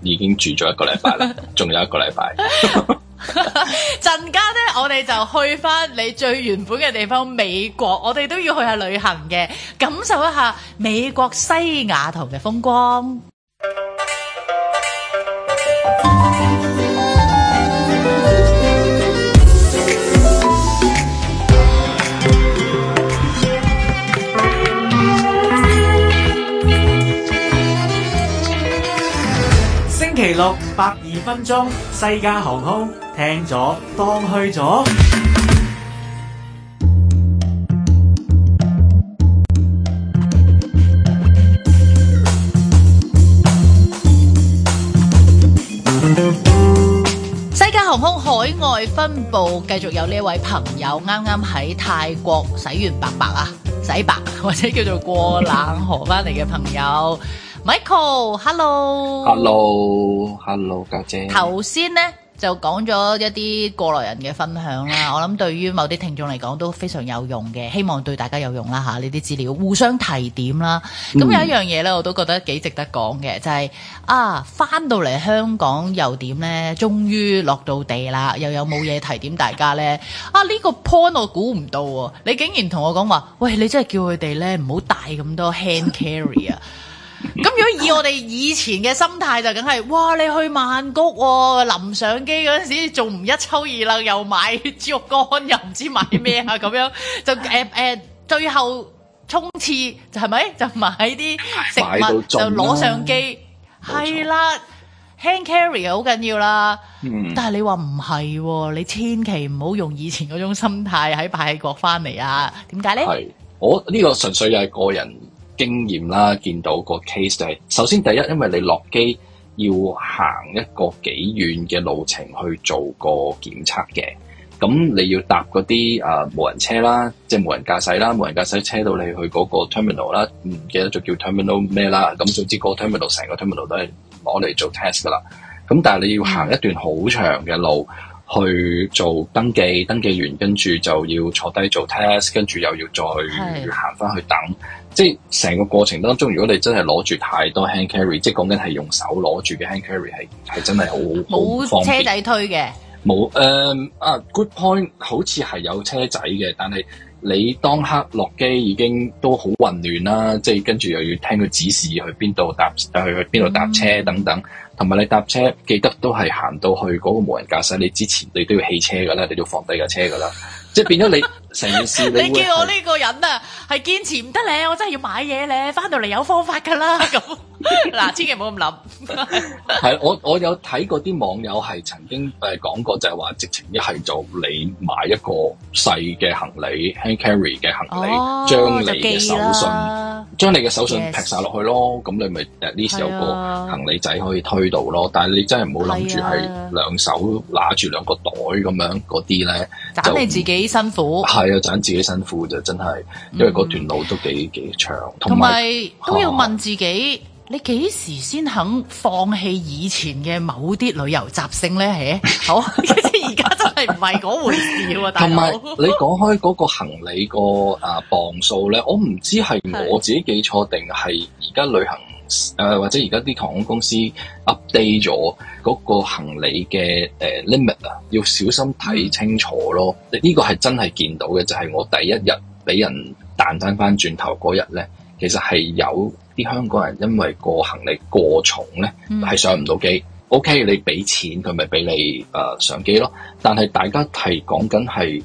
已經住咗一個禮拜啦，仲 有一個禮拜。 陣間咧，我哋就去返你最原本嘅地方美國，我哋都要去下旅行嘅，感受一下美國西雅圖嘅風光。星期六百二分鐘，西加航空聽咗當去咗。西加航空海外分部繼續有呢位朋友，啱啱喺泰國洗完白白啊，洗白或者叫做過冷河翻嚟嘅朋友。Michael，hello，hello，hello，家姐，姐。頭先呢就講咗一啲過來人嘅分享啦，我諗對於某啲聽眾嚟講都非常有用嘅，希望對大家有用啦吓。呢啲資料互相提點啦。咁、嗯、有一樣嘢咧，我都覺得幾值得講嘅，就係、是、啊，翻到嚟香港又點呢？終於落到地啦，又有冇嘢提點大家呢？ 啊，呢、這個 point 我估唔到喎、啊！你竟然同我講話，喂，你真係叫佢哋咧唔好帶咁多 hand carry 啊！ 咁以我哋以前嘅心態就梗係，哇！你去曼谷喎、啊，臨上機嗰陣時仲唔一抽二漏，又買豬肉乾又唔知買咩啊咁 樣就誒誒、欸欸、最後衝刺就係咪就買啲食物，就攞相機係啦，hand carry 好緊要啦、嗯。但係你話唔係喎，你千祈唔好用以前嗰種心態喺泰國翻嚟啊？點解咧？我呢、這個純粹又係個人。經驗啦，見到個 case 就係，首先第一，因為你落機要行一個幾遠嘅路程去做個檢測嘅，咁你要搭嗰啲啊無人車啦，即係無人駕駛啦，無人駕駛車到你去嗰個 terminal 啦，唔記得就叫 terminal 咩啦，咁總之個 terminal 成個 terminal 都係攞嚟做 test 噶啦，咁但係你要行一段好長嘅路。去做登記，登記完跟住就要坐低做 test，跟住又要再行翻去等，即係成個過程當中，如果你真係攞住太多 hand carry，即係講緊係用手攞住嘅 hand carry，係係真係好好冇車仔推嘅。冇誒啊，good point，好似係有車仔嘅，但係。你當刻落機已經都好混亂啦，即係跟住又要聽佢指示去邊度搭去去邊度搭車等等，同埋你搭車記得都係行到去嗰個無人駕駛，你之前你都要汽車㗎啦，你都要放低架車㗎啦。 即係變咗你成件事。你，你叫我呢個人啊，係堅持唔得咧，我真係要買嘢咧，翻到嚟有方法噶 啦。咁嗱， 千祈唔好咁諗。係我我有睇過啲網友係曾經誒講、呃、過就係話直情一係就你買一個細嘅行李，hand carry 嘅行李，將、哦、你嘅手信，將你嘅手信劈晒落去咯。咁、yes. 你咪誒呢時有個行李仔可以推到咯。啊、但係你真係唔好諗住係兩手拿住兩個袋咁樣啲咧，就自己。幾辛苦，係、嗯、啊，盞自己辛苦就真係，因為段路都幾幾長，同埋都要問自己，你幾時先肯放棄以前嘅某啲旅遊習性咧？係， 好，其實而家真係唔係嗰回事啊！同埋你講開嗰個行李個啊磅數咧，我唔知係我自己記錯定係而家旅行。誒、uh, 或者而家啲航空公司 update 咗嗰個行李嘅 limit 啊，要小心睇清楚咯。呢、這個係真係見到嘅，就係、是、我第一日俾人彈翻翻轉頭嗰日咧，其實係有啲香港人因為個行李過重咧，係上唔到機。O K，你俾錢佢咪俾你上機咯。但係大家係講緊係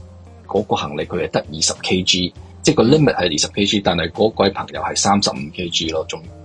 嗰個行李佢係得二十 K G，即係個 limit 係二十 K G，但係嗰位朋友係三十五 K G 咯，仲～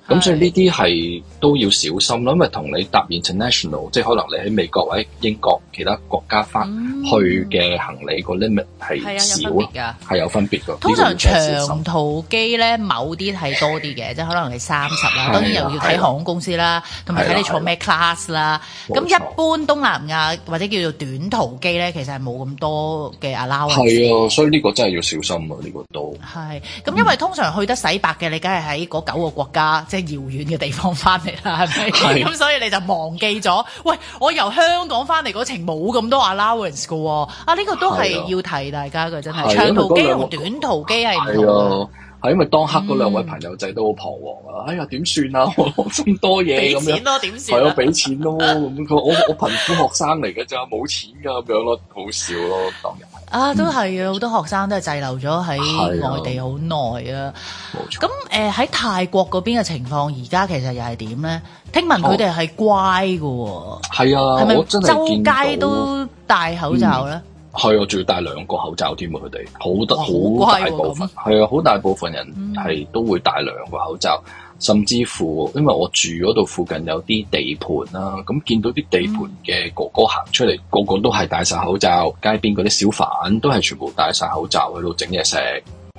咁所以呢啲係都要小心咯，因為同你搭 international，即係可能你喺美國或者英國其他國家翻去嘅行李個 limit 係少嘅，係有分別㗎。通常長途機咧，某啲係多啲嘅，即係可能你三十啦。當然又要睇航空公司啦，同埋睇你坐咩 class 啦。咁一般東南亞或者叫做短途機咧，其實係冇咁多嘅 allowance。係啊，所以呢個真係要小心啊，呢個都係。咁因為通常去得洗白嘅，你梗係喺嗰九個國家遙遠嘅地方翻嚟啦，係咪？咁、啊、 所以你就忘記咗，喂，我由香港翻嚟嗰程冇咁多 allowance 噶，啊呢、這個都係要提大家嘅，真係。啊、長途機同短途機係唔同。係、啊啊啊啊啊啊、因為當刻嗰兩位朋友仔都好彷徨啊！嗯、哎呀，點、啊啊、算啊？我咁多嘢，咁樣，點係啊，俾錢咯，咁 佢我我貧苦學生嚟嘅咋，冇錢噶咁樣咯，樣好笑咯，當日。啊，都係啊！好多學生都係滯留咗喺外地好耐啊。冇錯。咁誒喺泰國嗰邊嘅情況，而家其實又係點咧？聽聞佢哋係乖㗎喎。係啊，我真係見到。周街都戴口罩咧。係啊，仲要戴兩個口罩添，佢哋好得好乖大部分。係啊，好大部分人係都會戴兩個口罩。甚至乎，因為我住嗰度附近有啲地盤啦，咁見到啲地盤嘅哥哥行出嚟，嗯，個個都係戴晒口罩。街邊嗰啲小販都係全部戴晒口罩喺度整嘢食。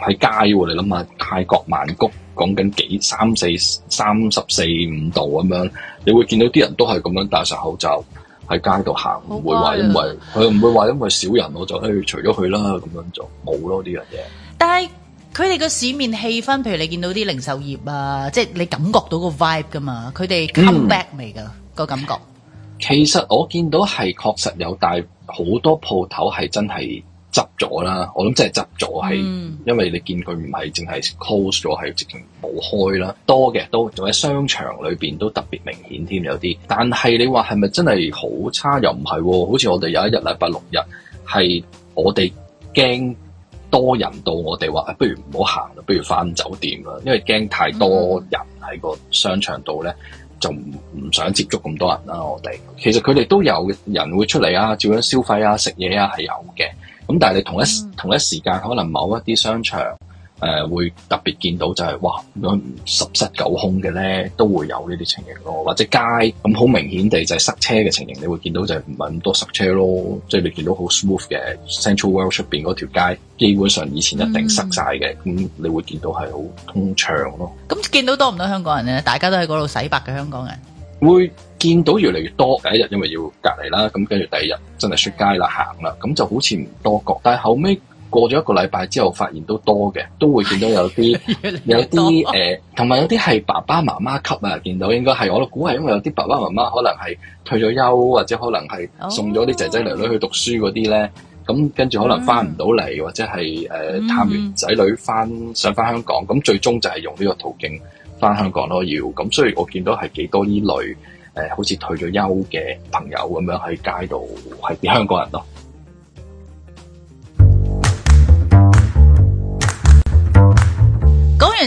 喺街喎，你諗下，泰國曼谷講緊幾三四三十四五度咁樣，你會見到啲人都係咁樣戴晒口罩喺街度行，唔會話因為佢唔會話因為少人我就去，哎，除咗佢啦咁樣就，冇咯呢樣嘢。但係佢哋個市面氣氛，譬如你見到啲零售業啊，即係你感覺到個 vibe 噶嘛？佢哋 come back 嚟噶個、嗯、感覺？其實我見到係確實有，大好多鋪頭係真係執咗啦。我諗真係執咗，係、嗯、因為你見佢唔係淨係 close 咗，係直情冇開啦。多嘅都，仲喺商場裏面，都特別明顯添，有啲。但係你話係咪真係好差？又唔係、啊，好似我哋有一日禮拜六日係我哋驚。多人到我哋話、啊，不如唔好行啦，不如返酒店啦，因為驚太多人喺個商場度呢、嗯，就唔唔想接觸咁多人啦。我哋其實佢哋都有人會出嚟啊，照樣消費啊、食嘢啊，係有嘅。咁但係你同一、嗯、同一時間，可能某一啲商場。誒、呃、會特別見到就係、是、哇十室九空嘅咧，都會有呢啲情形咯。或者街咁好明顯地就係塞車嘅情形，你會見到就係唔係咁多塞車咯。即係你見到好 smooth 嘅、mm. Central World 出面嗰條街，基本上以前一定塞晒嘅，咁你會見到係好通暢咯。咁見到多唔多香港人咧？大家都喺嗰度洗白嘅香港人，會見到越嚟越多。第一日因為要隔離啦，咁跟住第二日真係出街啦行啦，咁就好似唔多覺。但係後尾，過咗一個禮拜之後，發現都多嘅，都會見到有啲 有啲誒，同 埋、呃、有啲係爸爸媽媽級啊，見到應該係我都估係因為有啲爸爸媽媽可能係退咗休，或者可能係送咗啲仔仔女女去讀書嗰啲咧，咁、oh. 跟住可能翻唔到嚟，mm. 或者係、呃、探完仔女翻、mm-hmm. 上翻香港，咁最終就係用呢個途徑翻香港咯，要咁。所以我見到係幾多呢類好似退咗休嘅朋友咁樣喺街度係啲香港人咯。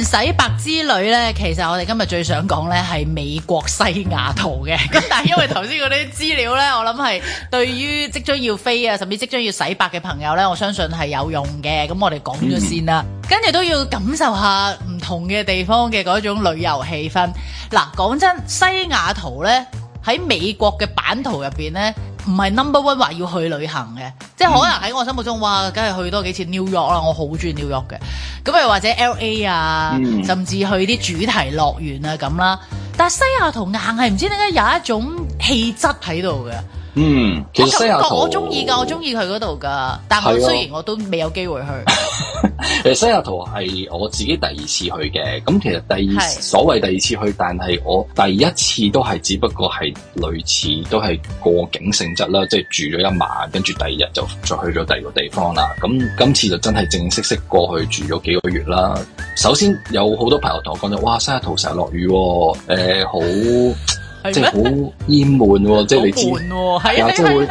洗白之旅呢，其實我哋今日最想講呢係美國西雅圖嘅。咁但係因為頭先嗰啲資料呢，我諗係對於即將要飛啊，甚至即將要洗白嘅朋友呢，我相信係有用嘅。咁我哋講咗先啦， 跟住都要感受下唔同嘅地方嘅嗰種旅遊氣氛。嗱，講真，西雅圖呢。喺美國嘅版圖入邊咧，唔係 number one 話要去旅行嘅，即係可能喺我心目中，嗯、哇，梗係去多幾次 New York 啦，我好中意 New York 嘅，咁又或者 LA 啊、嗯，甚至去啲主題樂園啊咁啦，但係西雅圖硬係唔知點解有一種氣質喺度嘅。嗯，其實西雅圖我中意噶，我中意佢嗰度噶，但係雖然我都未有機會去。誒，西雅圖係我自己第二次去嘅，咁其實第二所謂第二次去，但係我第一次都係只不過係類似都係過境性質啦，即係住咗一晚，跟住第二日就再去咗第二個地方啦。咁今次就真係正式式過去住咗幾個月啦。首先有好多朋友同我講咗，哇，西雅圖成日落雨，誒，好。即係好翳悶喎，即係你知，啊，即係會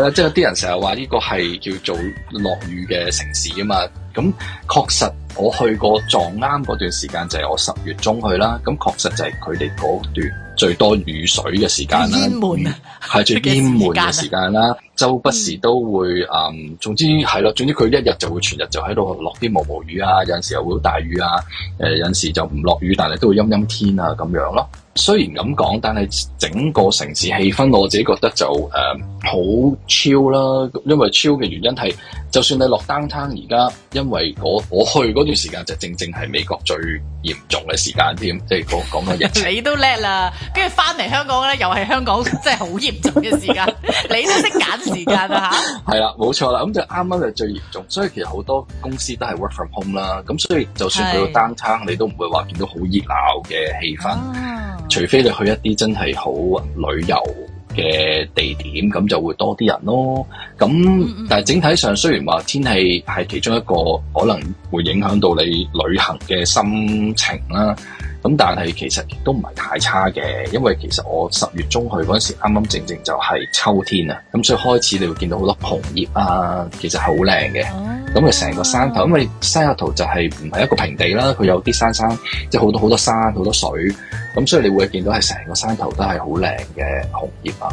啦，即係有啲人成日話呢個係叫做落雨嘅城市啊嘛。咁確實我去過撞啱嗰段時間就係、是、我十月中去啦。咁確實就係佢哋嗰段最多雨水嘅時間啦，係最翳悶嘅、嗯、時間啦。周不時都會誒、嗯嗯，總之係啦，總之佢一日就會全日就喺度落啲毛毛雨啊，有陣時又會大雨啊。呃、有陣時就唔落雨，但係都會陰陰天啊咁樣咯。雖然咁講，但係整個城市氣氛，我自己覺得就誒好 chill 啦，呃、chill，因為 chill 嘅原因係。就算你落單餐，而家因為我我去嗰段時間就正正係美國最嚴重嘅時間添，即係嗰咁嘅日程 你都叻啦，跟住翻嚟香港咧，又係香港真係好嚴重嘅時間。 你都識揀時間啊嚇！係 啦，冇錯啦，咁就啱啱就最嚴重。所以其實好多公司都係 work from home 啦，咁所以就算去到單餐，你都唔會話見到好熱鬧嘅氣氛，啊，除非你去一啲真係好旅遊。嘅地點咁就會多啲人咯，咁但係整體上雖然話天氣係其中一個可能會影響到你旅行嘅心情啦。咁但係其實亦都唔係太差嘅，因為其實我十月中去嗰陣時，啱啱正正就係秋天啊，咁所以開始你會見到好多紅葉啊，其實係好靚嘅。咁佢成個山頭，因為西雅圖就係唔係一個平地啦，佢有啲山山，即係好多好多山好多水，咁所以你會見到係成個山頭都係好靚嘅紅葉啊。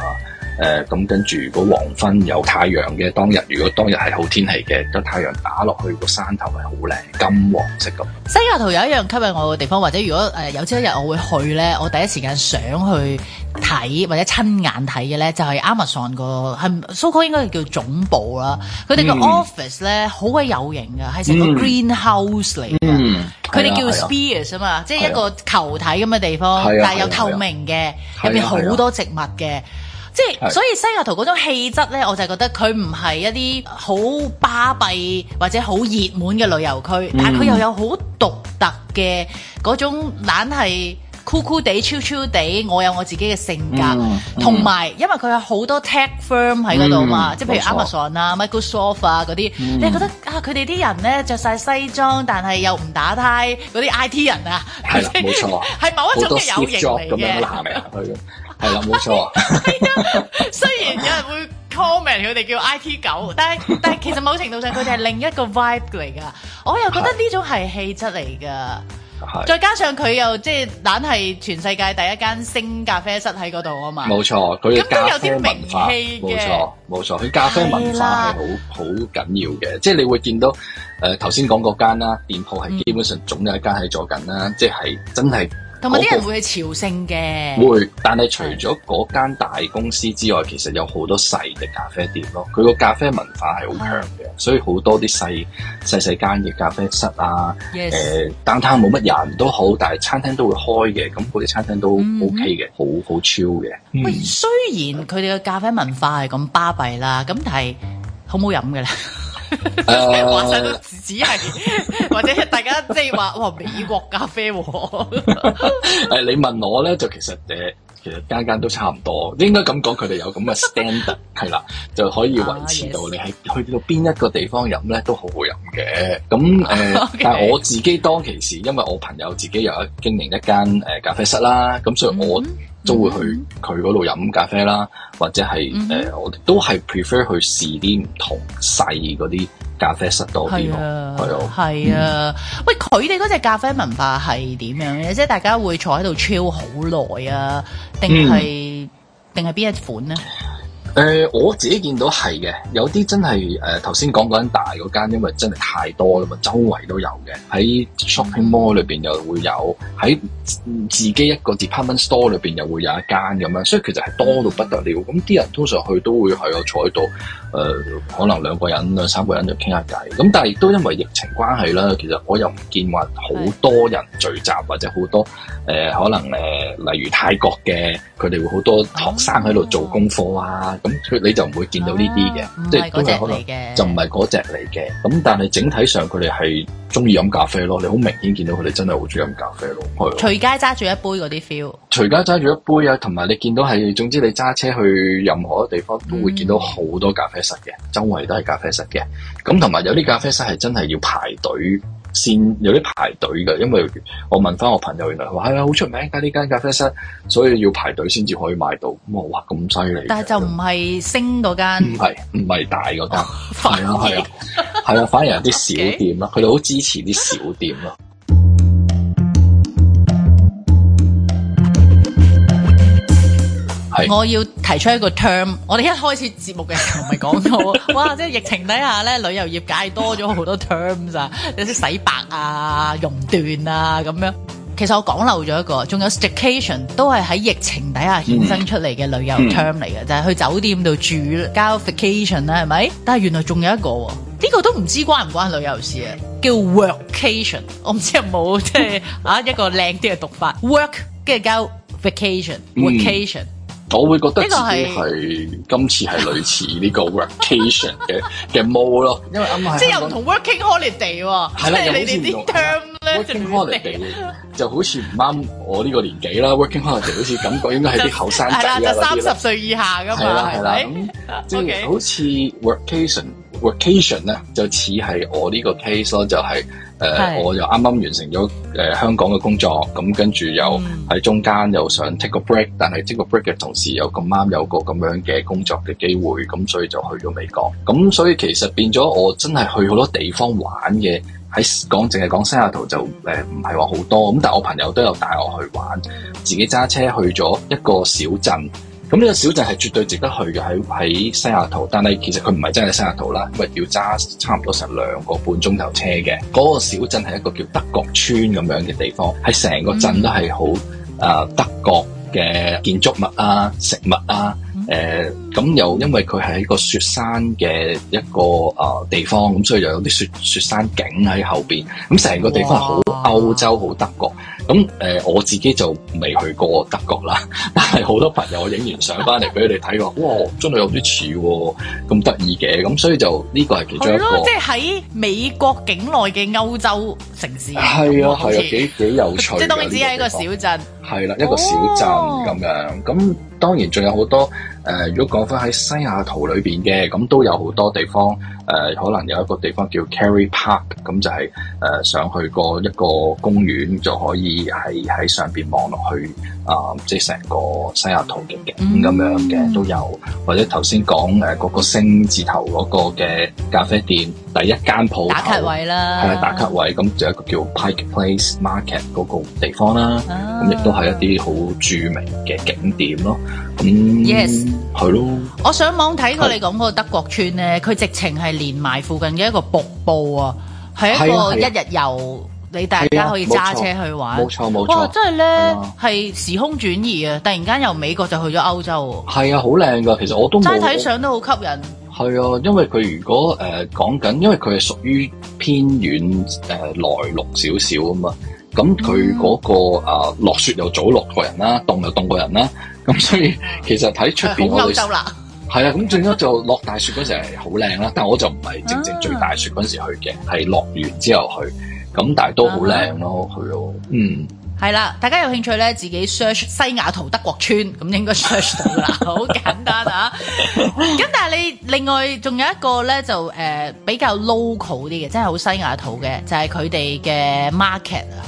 誒、呃，咁跟住，如果黃昏有太陽嘅當日，如果當日係好天氣嘅，個太陽打落去個山頭係好靚，金黃色咁。西雅圖有一樣吸引我嘅地方，或者如果、呃、有朝一日我會去咧，我第一時間想去睇或者親眼睇嘅咧，就係、是、Amazon 個係 s o c o 應該係叫總部啦。佢哋個 office 咧好鬼有型嘅，係成個 greenhouse 嚟嘅。佢、嗯、哋、嗯啊、叫 Spheres 啫嘛，即、就、係、是、一個球體咁嘅地方，啊啊啊啊、但係有透明嘅，入面好多植物嘅。即所以西雅圖嗰種氣質咧，我就覺得佢唔係一啲好巴閉或者好熱門嘅旅遊區，嗯、但係佢又有好獨特嘅嗰種懶係 cool cool 地、chill chill 地。我有我自己嘅性格，同、嗯、埋、嗯、因為佢有好多 tech firm 喺嗰度嘛、嗯，即譬如 Amazon 啊、Microsoft 啊嗰啲、嗯，你覺得啊，佢哋啲人咧着晒西裝，但係又唔打呔嗰啲 IT 人啊，係係 冇錯、啊、 某一種嘅有型嚟嘅。係啦，冇錯。雖然有人會 comment 佢哋叫 IT 九，但係但係其實某程度上佢哋係另一個 vibe 嚟噶。我又覺得呢種係氣質嚟噶，再加上佢又即係攵係全世界第一間星咖啡室喺嗰度啊嘛。冇錯，佢嘅咖啡文化，佢都有啲名氣嘅，冇錯冇錯，佢咖啡文化係好好緊要嘅。即係你會見到誒頭先講嗰間啦，店鋪係基本上總有一間喺坐緊啦，即係真係。同埋啲人會去朝聖嘅，那個、會。但係除咗嗰間大公司之外，其實有好多細嘅咖啡店咯。佢個咖啡文化係好強嘅、啊，所以好多啲細細細間嘅咖啡室啊，誒、yes. 呃，單冇乜人都好，但係餐廳都會開嘅。咁佢啲餐廳都 OK 嘅，好好超嘅。喂，雖然佢哋嘅咖啡文化係咁巴閉啦，咁但係好唔好飲嘅咧？Uh, 話晒都只係，或者大家即係話， 哇！美國咖啡，誒，你問我咧，就其實誒，其實間間都差唔多，應該咁講，佢哋有咁嘅 standard 係啦，就可以維持到、ah, yes. 你喺去到邊一個地方飲咧都好好飲嘅。咁誒，呃 okay. 但係我自己當其時，因為我朋友自己又經營一間誒咖啡室啦，咁所以我。Mm-hmm. 都會去佢嗰度飲咖啡啦，或者係誒、嗯呃，我都係 prefer 去試啲唔同細嗰啲咖啡室多啲咯，係啊，係啊，啊，啊，喂，佢哋嗰隻咖啡文化係點樣嘅？即係大家會坐喺度超好耐啊，定係定係邊一款呢？誒、呃、我自己見到係嘅，有啲真係誒頭先講緊大嗰間，因為真係太多啦嘛，周圍都有嘅。喺 shopping mall 裏面又會有，喺自己一個 department store 裏面又會有一間咁樣，所以其實係多到不得了。咁啲人通常去都會去個坐喺度，誒、呃、可能兩個人兩三個人就傾下偈。咁但係亦都因為疫情關係啦，其實我又唔見話好多人聚集或者好多誒、呃、可能、呃、例如泰國嘅佢哋會好多學生喺度做功課啊。嗯嗯嗯。咁佢你就唔會見到呢啲嘅，即係都係可能就唔係嗰隻嚟嘅。咁、啊、但係整體上佢哋係中意飲咖啡咯。你好明顯見到佢哋真係好中意飲咖啡咯。隨街揸住一杯嗰啲 feel，隨街揸住一杯啊！同埋你見到係總之你揸車去任何一地方都會見到好多咖啡室嘅，周圍都係咖啡室嘅。咁同埋有啲咖啡室係真係要排隊。先有啲排隊㗎，因為我問翻我朋友，原來佢話係啊，好、哎、出名㗎呢間咖啡室，所以要排隊先至可以買到。咁我話咁犀利，但就唔係星嗰間，唔係唔係大嗰間，係啊係啊，啊，啊， 啊，反而有啲小店啦，佢哋好支持啲小店咯。 我要提出一個 term，我哋一開始節目嘅時候咪講到 哇，即係疫情底下咧旅遊業界多咗好多 terms 啊，有啲洗白啊、熔斷啊咁樣。其實我講漏咗一個，仲有 staycation 都係喺疫情底下衍生出嚟嘅旅遊 term 嚟嘅、嗯，就係、是、去酒店度住交 vacation 啦，係咪？但係原來仲有一個呢、這個都唔知關唔關旅遊事啊，叫 workation，我知 啊，叫 workcation。我唔知有冇即係啊一個靚啲嘅讀法、嗯、work 跟住交 v a c a t i o n、嗯、v a c a t i o n 我會覺得自己係今次係類似呢個 workation 嘅嘅模咯，因為啱啱，即係又唔同 working holiday 喎，即係你哋啲 term 咧，working holiday 就好似唔啱我呢個年紀啦，working holiday 好似感覺應該係啲後生仔啊，三十歲以下噶嘛，係啦係啦，即係好似 workation，workation 咧就似係我呢個 case 咯，就係。誒、uh,，我又啱啱完成咗、uh, 香港嘅工作，咁跟住又喺中間又想 take a break，mm-hmm. 但係 take a break 嘅同時又咁啱有個咁樣嘅工作嘅機會，咁所以就去咗美國，咁所以其實變咗我真係去好多地方玩嘅，喺講，淨係講西雅圖就誒唔係話好多。咁但係我朋友都有帶我去玩，自己揸車去咗一個小鎮。咁呢個小鎮係絕對值得去嘅，喺喺西雅圖，但係其實佢唔係真係西雅圖啦，因為要揸差唔多成兩個半鐘頭車嘅。嗰個小鎮係一個叫德國村咁樣嘅地方，係成個鎮都係好誒德國嘅建築物啊、食物啊，誒咁又因為佢係一個雪山嘅一個誒地方，咁所以又有啲雪雪山景喺後邊，咁成個地方係好歐洲、好德國。咁誒、呃，我自己就未去過德國啦，但係好多朋友我影完相翻嚟俾佢哋睇，過哇，真係有啲似喎，咁得意嘅，咁所以就呢、呢個係其中一個，係即係喺美國境內嘅歐洲城市，係啊係啊，啊，幾幾有趣。即係當然只係一個小鎮，係啦、啊，一個小鎮咁、哦、樣咁。當然仲有好多誒、呃，如果講翻喺西雅圖裏面嘅，咁都有好多地方誒、呃，可能有一個地方叫 Carry Park，咁就係、是、誒、呃、上去過一個公園就可以喺上面望落去啊、呃，即係成個西雅圖嘅景咁、嗯、樣嘅都有。或者頭先講誒嗰個星字頭嗰個嘅咖啡店第一間鋪打卡位啦，係啊打卡位。咁就有一個叫 Pike Place Market 嗰個地方啦，咁亦都係一啲好著名嘅景點咯。嗯、yes，係咯。我上網睇過你講嗰個德國村咧，佢直情係連埋附近嘅一個瀑布啊，係一個一日遊，你大家可以揸車去玩，冇錯冇錯。哇，真係咧係時空轉移啊！突然間由美國就去咗歐洲，係啊，好靚噶。其實我都齋睇相都好吸引，係啊，因為佢如果誒講緊，因為佢係屬於偏遠誒、呃、來陸少少啊嘛，咁佢嗰個啊落雪又早落過人啦，凍又凍過人啦。咁所以其實睇出邊，好歐洲啦，係啊，咁最多就落大雪嗰陣時係好靚啦， 但我就唔係正正最大雪嗰陣時去嘅，係、啊、落完之後去，咁但係都好靚咯，去到、哦。嗯，係啦，大家有興趣咧，自己 search 西雅圖德國村，咁應該 search 到啦，好 簡單啊。咁 但係你另外仲有一個咧，就誒、呃、比較 local 啲嘅，即係好西雅圖嘅，就係佢哋嘅 market 啊。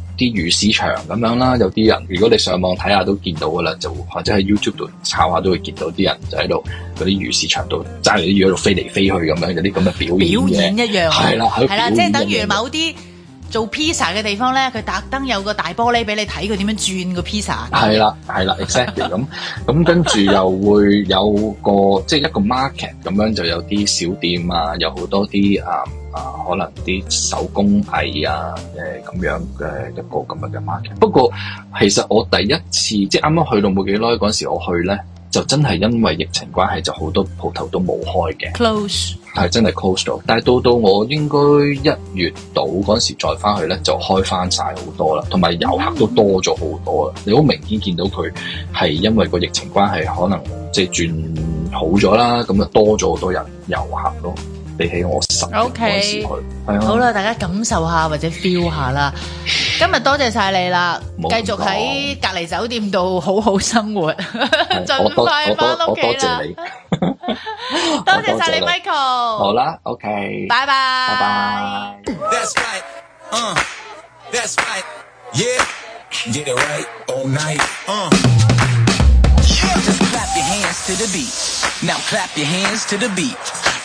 啲魚市場咁樣啦，有啲人如果你上網睇下都見到噶啦，就或者喺 YouTube 度查下都會見到啲人就喺度嗰啲魚市場度揸住啲魚喺度飛嚟飛去咁樣，樣，有啲咁嘅表演一樣嘅，係啦，係啦，即係等於某啲。做披薩嘅地方咧，佢特登有個大玻璃俾你睇佢點樣轉個披薩。係啦，係啦，exactly 咁。 咁跟住又會有個即係一個 market，咁樣就有啲小店啊，有好多啲啊啊，可能啲手工藝啊，誒咁樣嘅一個咁樣嘅 market。不過其實我第一次即係啱啱去到冇幾耐嗰陣時，我去咧。就真係因為疫情關係，就好多鋪頭都冇開嘅，係真係 close 咗，但係到到我應該一月到嗰時再翻去呢，就開翻曬好多啦，同埋遊客都多咗好多啦、嗯。你好明顯見到佢係因為個疫情關係，可能即係、就是、轉好咗啦，咁就多咗好多人遊客咯。比起我十年之前去，好啦，大家感受下或者 feel 下啦。今日多謝晒你啦，繼續喺隔離酒店度好好生活，盡快翻屋企啦。多謝晒你，Michael。好啦，OK，拜拜，拜拜。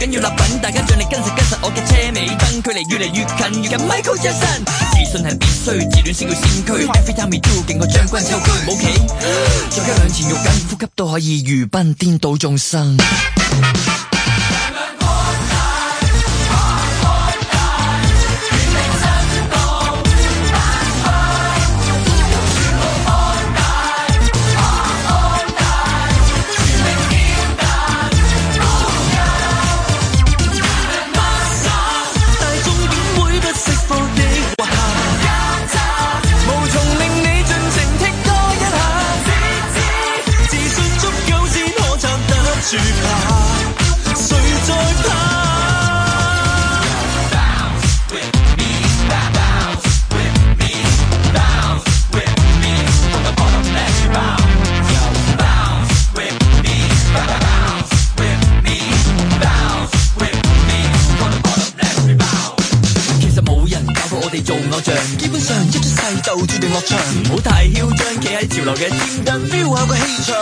緊要立品，大家盡力跟實跟實我嘅車尾燈距離越嚟越近，越近 Michael Jackson。自信係必須，自戀先要先驅，Every time we do，勁，我將軍走軍唔好企，再加兩錢肉緊，呼吸都可以如奔，顛倒眾生。 潮流嘅尖端 feel 下個氣場，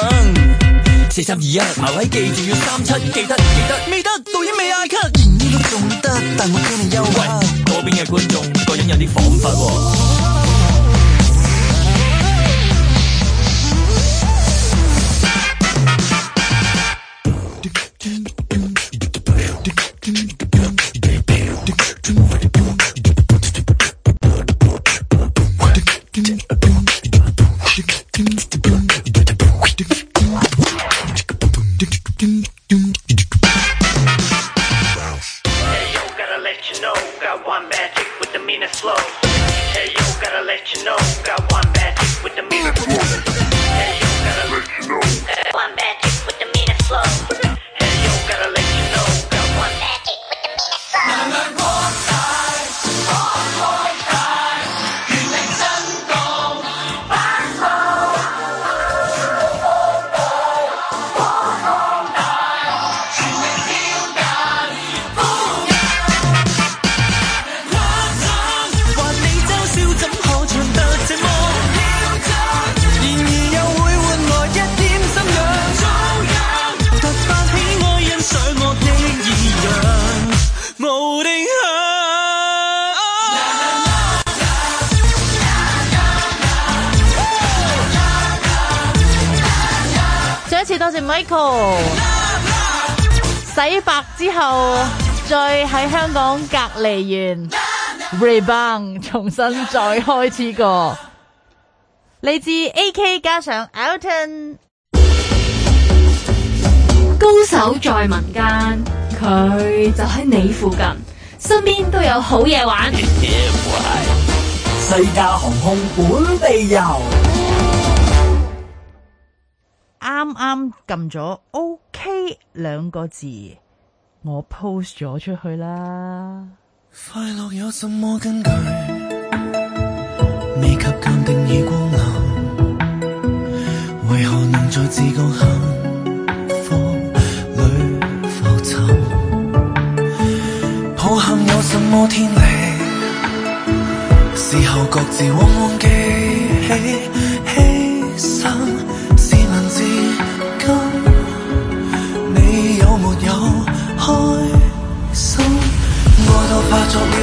四三二一，排位記住要三七，記得記得未得導演未嗌 cut，連呢碌仲得，但係我驚你優惠。喂，嗰邊嘅觀眾，個樣有啲恍惚喎。嚟完 rebound，重新再開始過。嚟自 AK 加上 Alton，高手在民間，佢就喺你附近，身邊都有好嘢玩。西加航空本地遊，啱啱撳咗 OK 兩個字，我 post 咗出去啦。快樂有什麼根據？未及鑑定已光臨，為何能在這個幸福裏浮沉？抱憾有什麼天理？事後各自往往記起。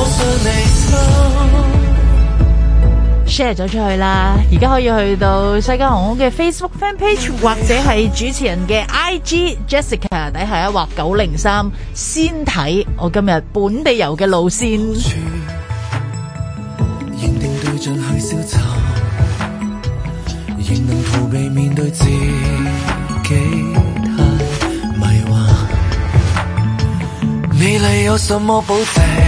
我你 share 咗出去啦，而家可以去到西加航空嘅 Facebook fan page，或者係主持人嘅 IG Jessica 底下一劃九零三先睇我今日本地遊嘅路線。認定對象去消愁，仍能逃避面對自己太迷幻，美麗有什麼保證？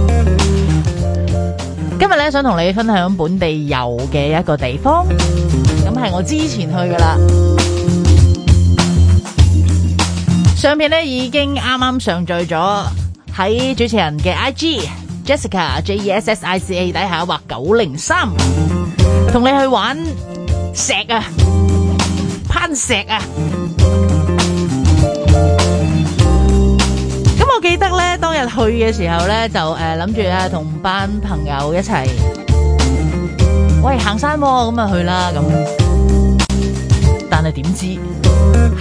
今日咧想同你分享本地遊嘅一個地方，咁係我之前去噶啦。上面咧已經啱啱上載咗喺主持人嘅 I G Jessica J E S S I C A 底下畫九零三，同你去玩石啊，攀石啊。我記得咧，當日去嘅時候咧，就誒諗住啊，同、呃、班朋友一齊，喂行山咁、哦、啊去啦咁。但係點知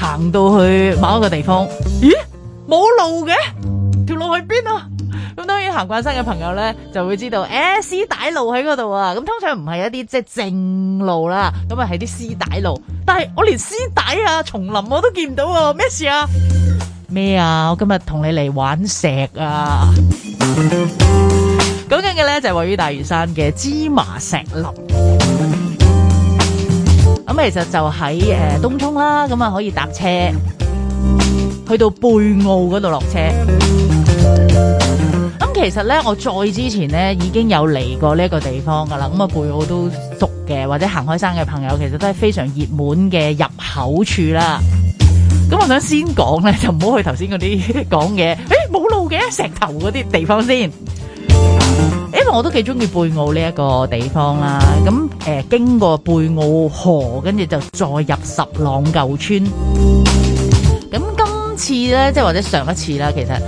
行到去某一個地方，咦冇路嘅？條路喺邊啊？咁當然行慣山嘅朋友咧，就會知道誒，絲、欸、帶路喺嗰度啊。咁通常唔係一啲即係正路啦，咁啊係啲絲帶路。但係我連絲帶啊，叢林、啊、我都見唔到啊，咩事啊？咩啊！我今日同你嚟玩石啊！咁緊嘅咧就是，位於大嶼山嘅芝麻石林。咁 其實就喺誒東涌啦，咁啊可以搭車去到貝澳嗰度落車。咁其實咧，我再之前咧已經有嚟過呢一個地方噶啦，咁啊貝澳都熟嘅，或者行開山嘅朋友，其實都係非常熱門嘅入口處啦。咁我想先講咧，就唔好去頭先嗰啲講嘢。誒，冇路嘅石頭嗰啲地方先，因為我都幾中意貝澳呢一個地方啦。咁誒，經過貝澳河，跟住就再入十朗舊村。咁今次咧，即係或者上一次啦，其實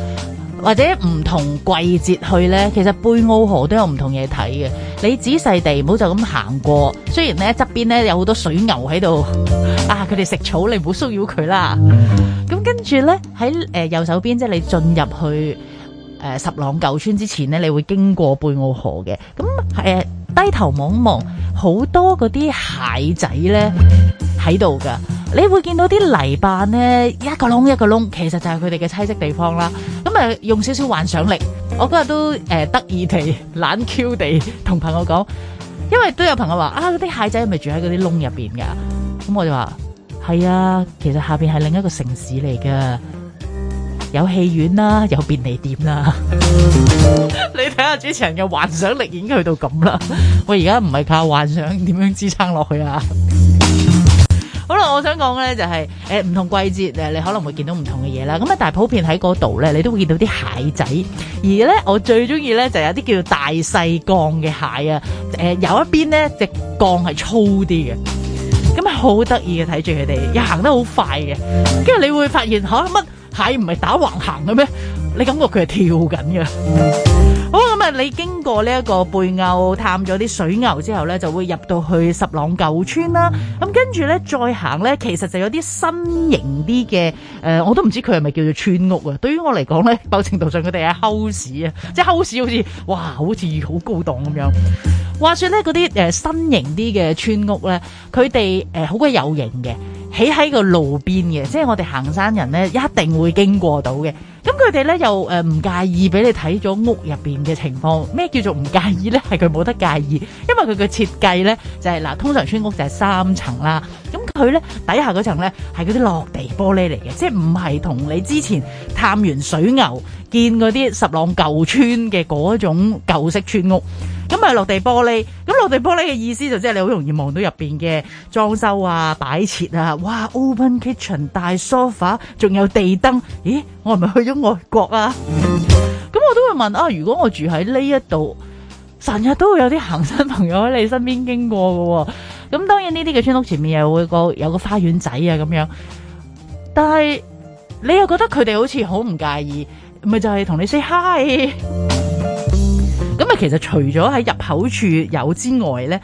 或者唔同季節去咧，其實貝澳河都有唔同嘢睇嘅。你仔細地唔好就咁行過，雖然咧側邊咧有好多水牛喺度，啊，佢哋食草，你唔好騷擾佢啦。咁跟住咧喺誒右手邊，即係你進入去誒十塱舊村之前咧，你會經過貝澳河嘅。咁誒低頭望望，好多嗰啲蟹仔咧喺度噶，你會見到啲泥巴咧一個窿一個窿，其實就係佢哋嘅棲息地方啦。咁誒用少少幻想力。我嗰日都誒、呃、得意地懶 Q 地同朋友講，因為都有朋友話啊，嗰啲蟹仔係咪住喺嗰啲窿入邊噶？咁我就話係啊,其實下邊係另一個城市嚟噶，有戲院啦，有便利店啦。 你睇下主持人嘅幻想力已經去到咁啦，我而家唔係靠幻想點樣支撐落去啊！好啦，我想講咧就係誒唔同季節誒，你可能會見到唔同嘅嘢啦。咁啊，但係普遍喺嗰度咧，你都會見到啲蟹仔。而咧我最中意咧就有啲叫大細槓嘅蟹啊。誒、呃，有一邊咧隻槓係粗啲嘅，咁啊好得意嘅，睇住佢哋又行得好快嘅。跟住你會發現吓乜、啊、蟹唔係打橫行嘅咩？你感覺佢係跳緊嘅。因為你經過呢一個貝澳探咗啲水牛之後咧，就會入到去十朗舊村啦。咁跟住咧，再行咧，其實就有啲新型啲嘅，誒、呃，我都唔知佢係咪叫做村屋啊。對於我嚟講咧，某程度上佢哋係 house 啊，即係 house 好似，哇，好似好高檔咁樣。話說咧，嗰啲誒新型啲嘅村屋咧，佢哋誒好鬼有型嘅，起喺個路邊嘅，即係我哋行山人咧，一定會經過到嘅。咁佢哋咧又誒唔介意俾你睇咗屋入邊嘅情況？咩叫做唔介意咧？係佢冇得介意，因為佢嘅設計咧就係、是、嗱，通常村屋就係三層啦。咁佢咧底下嗰層咧係嗰啲落地玻璃嚟嘅，即係唔係同你之前探完水牛見嗰啲十朗舊村嘅嗰種舊式村屋咁啊，落地玻璃。咁落地玻璃嘅意思就即係你好容易望到入邊嘅裝修啊擺設啊，哇！open kitchen 大 sofa，仲有地燈。咦，我係咪去咗？外國啊，咁我都會問啊，如果我住喺呢一度，成日都會有啲行山朋友喺你身邊經過嘅、哦，咁當然呢啲嘅村屋前面又會有個有個花園仔啊咁樣，但係你又覺得佢哋好似好唔介意，咪就係、是、同你 say hi，咁啊其實除咗喺入口處有之外咧，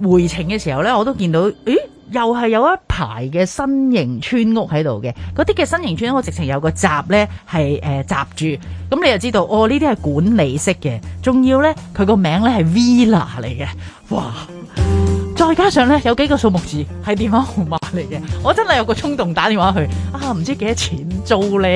回程嘅時候咧，我都見到，咦？又係有一排嘅新型村屋喺度嘅，嗰啲嘅新型村屋直情有個閘咧，係誒、呃、閘住，咁你又知道哦，呢啲係管理式嘅，仲要咧佢個名咧係 Villa 嚟嘅，哇！再加上呢，有幾個數目字係電話號碼嚟嘅，我真係有個衝動打電話去啊，唔知幾多錢租呢？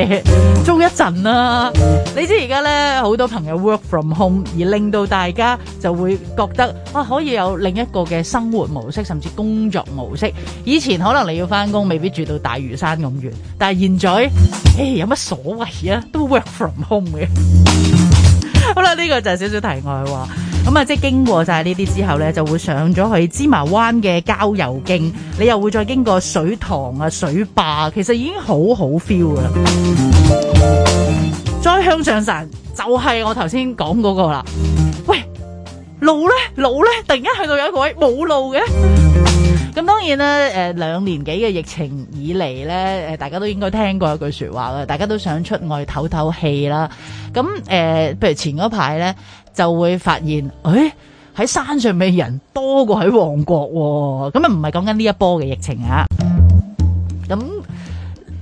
租一陣啦，啊。你知而家呢，好多朋友 work from home，而令到大家就會覺得啊，可以有另一個嘅生活模式，甚至工作模式。以前可能你要翻工，未必住到大嶼山咁遠，但係現在誒、欸，有乜所謂啊？都 work from home 嘅。 好啦，呢、這個就係少少題外話。咁啊，即係經過晒呢啲之後咧，就會上咗去芝麻灣嘅郊遊徑，你又會再經過水塘啊、水壩，其實已經好好 feel 噶啦。再向上神，就係我頭先講嗰個啦。喂，路咧，路咧，突然間去到有一個位冇路嘅。咁當然咧，誒，兩年幾嘅疫情以嚟咧，誒，大家都應該聽過一句說話啦，大家都想出外透透氣啦。咁誒，譬如前嗰排咧。就會發現，誒、哎，喺山上面人多過喺旺角，啊，咁啊唔係講緊呢一波嘅疫情啊，咁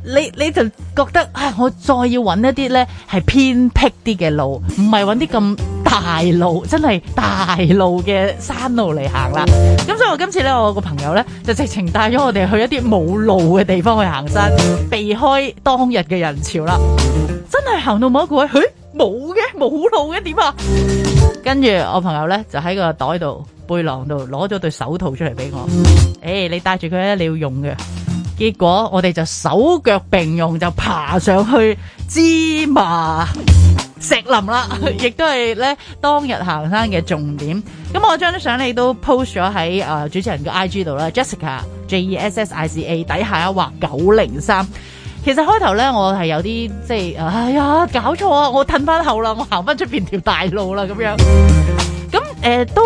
你你就覺得啊，我再要揾一啲咧係偏僻啲嘅路，唔係揾啲咁大路，真係大路嘅山路嚟行啦，啊。咁所以，我今次咧，我個朋友咧就直情帶咗我哋去一啲冇路嘅地方去行山，避開當日嘅人潮啦。真係行到某一個位，誒。冇嘅，冇路嘅，點啊？跟住 我朋友咧，就喺個袋度背囊度攞咗對手套出嚟俾我。誒、 哎，你戴住佢咧，你要用嘅。結果我哋就手腳並用就爬上去芝麻石林啦，亦都係咧，當日行山嘅重點。咁我張啲相你都 post 咗喺誒主持人嘅 IG 度啦 ，Jessica J E S S I C A 底下一畫九零三。其實開頭咧，我係有啲即係，哎呀，搞錯啊！我褪翻後啦，我行翻出邊條大路啦，咁樣。咁誒、呃，都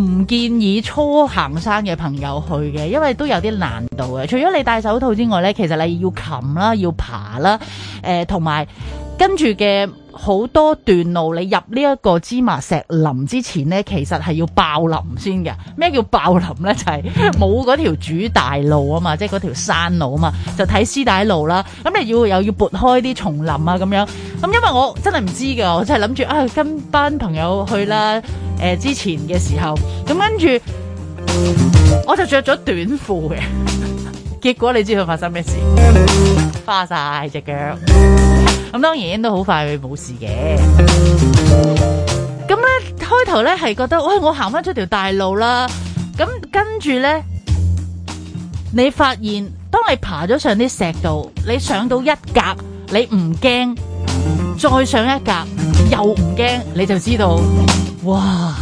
唔建議初行山嘅朋友去嘅，因為都有啲難度嘅。除咗你戴手套之外咧，其實你要擒啦，要爬啦，誒、呃，同埋。跟住嘅好多段路，你入呢一個芝麻石林之前呢，其實係要爆林先嘅。咩叫爆林呢？就係冇嗰條主大路啊嘛，即係嗰條山路啊嘛，就睇絲帶路啦。咁你要又要撥開啲叢林啊咁樣。咁因為我真係唔知噶，我真係諗住啊跟班朋友去啦。誒、呃、之前嘅時候，咁跟住我就着咗短褲嘅。結果你知道發生咩事？腳花晒隻腳，咁當然都好快會冇事嘅。咁咧開頭咧係覺得，喂，哎，我行翻出條大路啦。咁跟住咧，你發現當你爬咗上啲石度，你上到一格，你唔驚；再上一格又唔驚，你就知道，哇，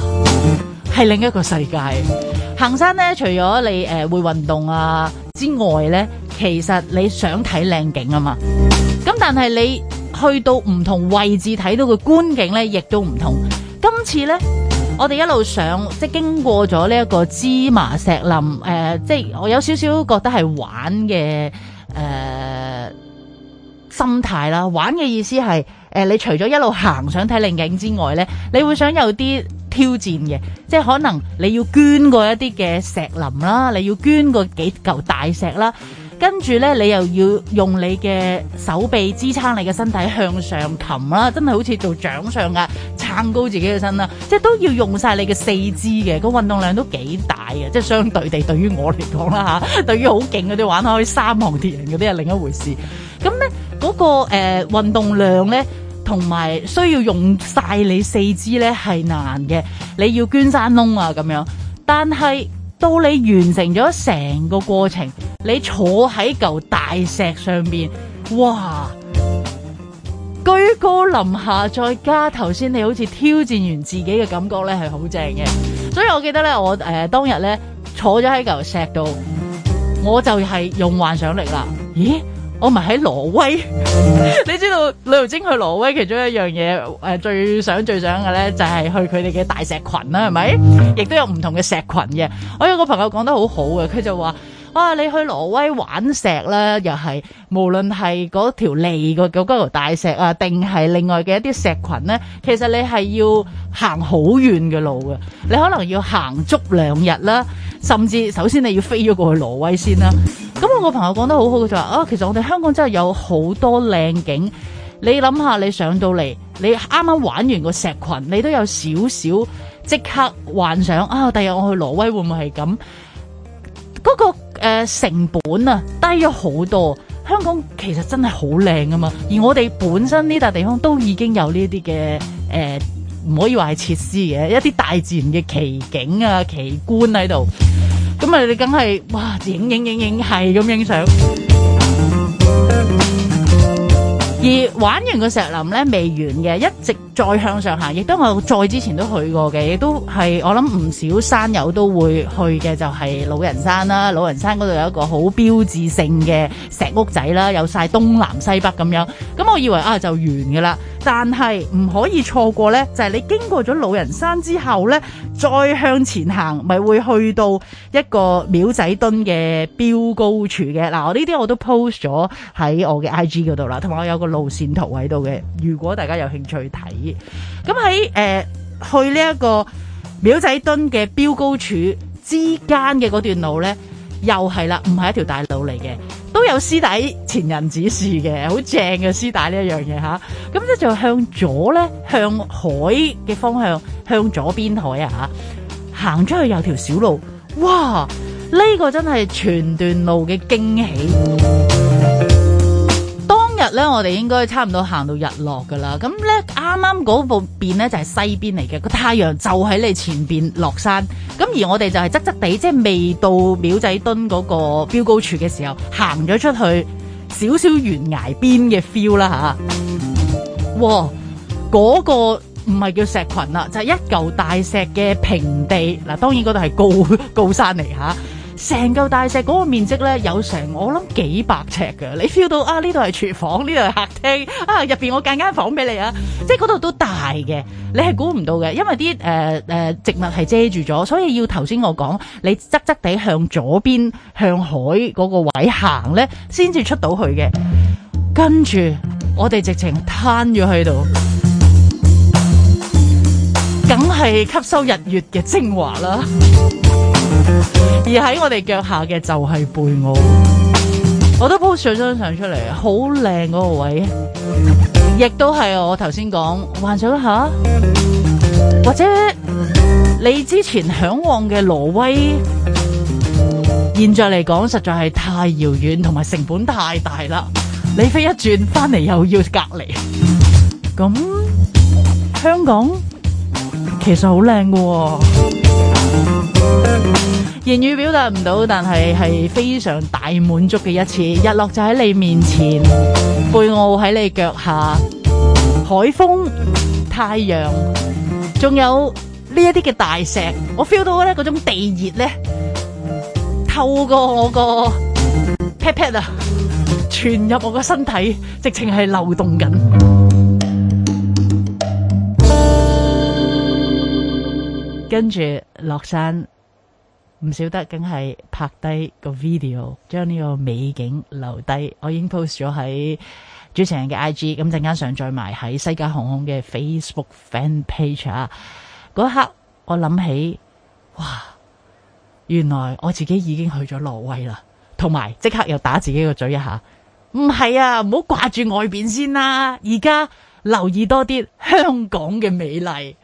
係另一個世界。行山咧，除咗你誒、呃、會運動啊之外咧，其實你想睇靚景啊嘛。咁但係你去到唔同位置睇到嘅觀景咧，亦都唔同。今次咧，我哋一路上即係經過咗呢一個芝麻石林誒、呃，即係我有少少覺得係玩嘅誒、呃、心態啦。玩嘅意思係誒、呃，你除咗一路行想睇靚景之外咧，你會想有啲。挑戰嘅，即係可能你要捐過一啲嘅石林啦，你要捐過幾嚿大石啦，跟住呢，你又要用你嘅手臂支撐你嘅身體向上擒啦，真係好似做掌上壓撐高自己嘅身啦，即係都要用晒你嘅四肢嘅，個運動量都幾大嘅，即係相對地對於我嚟講啦嚇，對於好勁嗰啲玩開三項鐵人嗰啲係另一回事。咁呢、嗰個，嗰個誒運動量呢。同埋需要用晒你四肢呢，係難嘅，你要捐山窿啊咁樣。但係到你完成咗成個過程，你坐喺嚿大石上邊，哇！居高臨下，再加頭先你好似挑戰完自己嘅感覺呢，係好正嘅。所以我記得呢，我、呃、誒當日呢，坐咗喺嚿石度，我就係用幻想力啦。咦？我唔係喺挪威， 你知道旅遊精去挪威其中一樣嘢、呃，最想最想嘅咧，就係、是、去佢哋嘅大石群啦，係咪？亦都有唔同嘅石群嘅。我有個朋友講得好好嘅，佢就話。哇、啊！你去挪威玩石啦，又係無論係嗰條脷嘅嗰條大石啊，定係另外嘅一啲石群呢？其實你係要行好遠嘅路嘅，你可能要行足兩日啦，甚至首先你要先飛咗過去挪威先啦。咁我個朋友講得好好，佢就話、是：啊，其實我哋香港真係有好多靚景。你諗下，你上到嚟，你啱啱玩完個石群，你都有少少即刻幻想啊！第日我去挪威會唔會係咁？嗰個誒成本啊低咗好多，香港其實真係好靚啊嘛，而我哋本身呢笪地方都已經有呢啲嘅誒，唔可以話係設施嘅，一啲大自然嘅奇景啊奇觀喺度，咁啊你梗係哇影影影影係咁影相。拍拍拍拍拍拍而玩完個石林咧未完嘅，一直再向上行，亦都我再之前都去過嘅，亦都係我諗唔少山友都會去嘅，就係老人山啦。老人山嗰度有一個好標誌性嘅石屋仔啦，有晒東南西北咁樣。咁我以為啊就完噶啦，但係唔可以錯過咧，就係你經過咗老人山之後咧，再向前行咪會去到一個廟仔墩嘅標高處嘅。嗱，我呢啲我都 post 咗喺我嘅 I G 嗰度啦，同埋我有個路線圖喺度嘅，如果大家有興趣睇，咁喺誒去呢一個廟仔墩嘅標高處之間嘅段路咧，又係啦，唔係一條大路嚟嘅，都有絲帶、前人指示嘅，好正嘅絲帶呢一樣嘢吓。咁咧就向左咧，向海嘅方向，向左邊海啊吓，行出去有條小路，哇！呢個真係全段路嘅驚喜。咧，我哋應該差唔多行到日落噶啦。咁咧，啱啱嗰部邊咧就係西邊嚟嘅，個太陽就喺你前邊落山。咁而我哋就係側側地，即係未到廟仔墩嗰個標高柱嘅時候，行咗出去少少懸崖邊嘅 feel 啦吓。哇，嗰、那個唔係叫石群啦，就係、是、一嚿大石嘅平地。嗱，當然嗰度係高高山嚟吓。成嚿大石嗰個面積咧有成我諗幾百尺嘅，你 feel 到啊，呢度係廚房，呢度係客廳啊，入邊我間間房俾你啊，間間你即係嗰度都大嘅，你係估唔到嘅，因為啲誒誒植物係遮住咗，所以要頭先我講你側側地向左邊向海嗰個位行咧，先至出到去嘅。跟住我哋直情攤咗喺度，梗係吸收日月嘅精華啦。而喺我哋腳下嘅就係貝澳，我都 post 上張相出嚟，好靚嗰個位，亦都係我頭先講，幻想一下，或者你之前向往嘅挪威，現在嚟講實在係太遙遠，同埋成本太大啦，你飛一轉翻嚟又要隔離，咁香港其實好靚嘅。言語表達唔到，但係係非常大滿足嘅一次。日落就喺你面前，背奧喺你腳下，海風、太陽，仲有呢一啲嘅大石，我 feel 到咧嗰種地熱咧，透過我個 pat pat 啊，傳入我個身體，直情係流動緊。跟住落山，唔少得梗係拍低個 video，將呢個美景留低。我已經 post 咗喺主持人嘅 IG，咁陣間上載埋喺西加航空嘅 Facebook fan page 啊！嗰一刻我諗起，哇，原來我自己已經去咗挪威啦，同埋即刻又打自己個嘴一下，唔係啊，唔好掛住外邊先啦，而家留意多啲香港嘅美麗。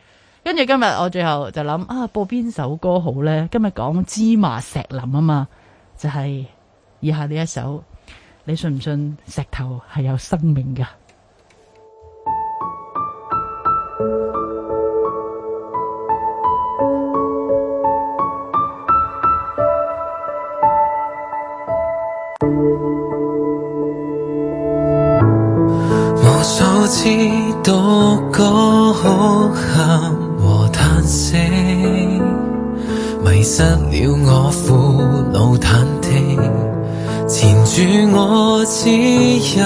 跟住今日我最後就諗啊，播邊首歌好咧？今日講芝麻石林啊嘛，就係、是、以下呢一首，你信唔信石頭係有生命噶？無數次獨歌。得了我苦惱忐忑，纏住我只有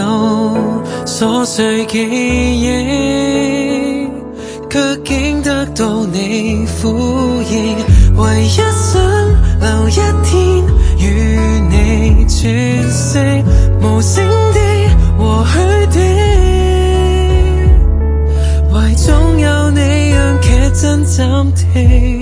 瑣碎記憶，卻竟得到你呼應。唯一想留一天，與你喘息，無聲的和許的，懷中有你，讓劇真暫停。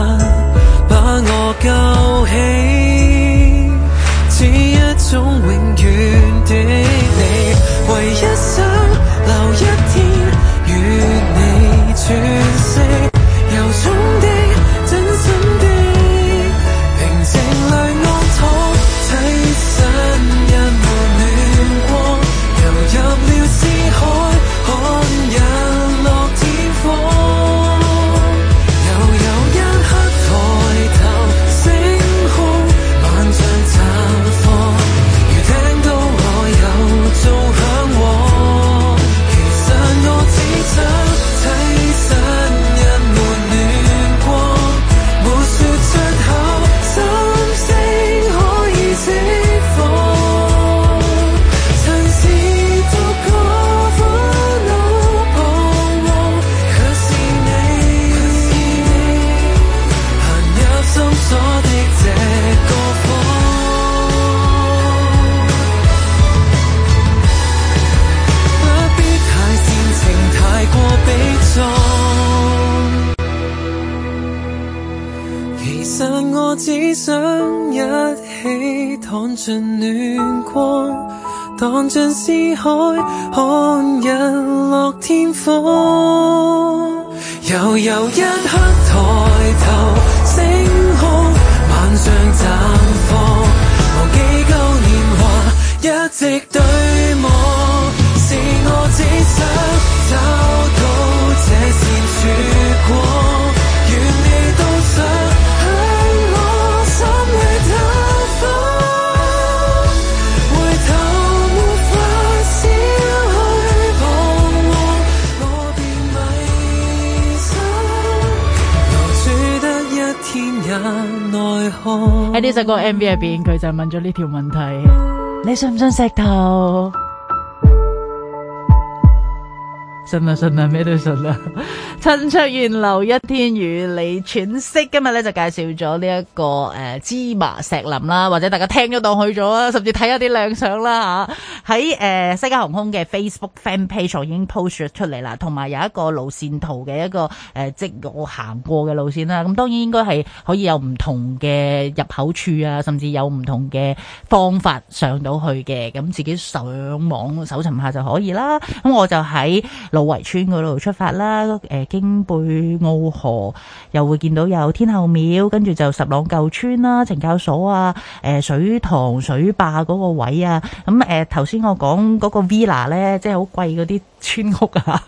望盡四海，看日落天荒。呢首歌 MV 入邊，佢就問咗呢條問題：你信唔信石頭？信啦信啦，咩都信啦！陳卓元流一天如你喘息。今日咧就介紹咗呢一個誒、呃、芝麻石林啦，或者大家聽咗當去咗甚至睇下啲靚相啦吓。喺、啊、誒、呃、西加航空嘅 Facebook fan page 我已經 post 出嚟啦，同埋有一個路線圖嘅一個誒、呃、即我行過嘅路線啦。咁當然應該係可以有唔同嘅入口處啊，甚至有唔同嘅方法上到去嘅，咁自己上網搜尋下就可以啦。咁我就喺圍村嗰度出發啦，誒，經貝澳河又會見到有天后廟，跟住就十朗舊村啦、懲教所啊，誒，水塘水壩嗰個位啊，咁誒，頭先我講嗰個 villa 咧，即係好貴嗰啲村屋啊，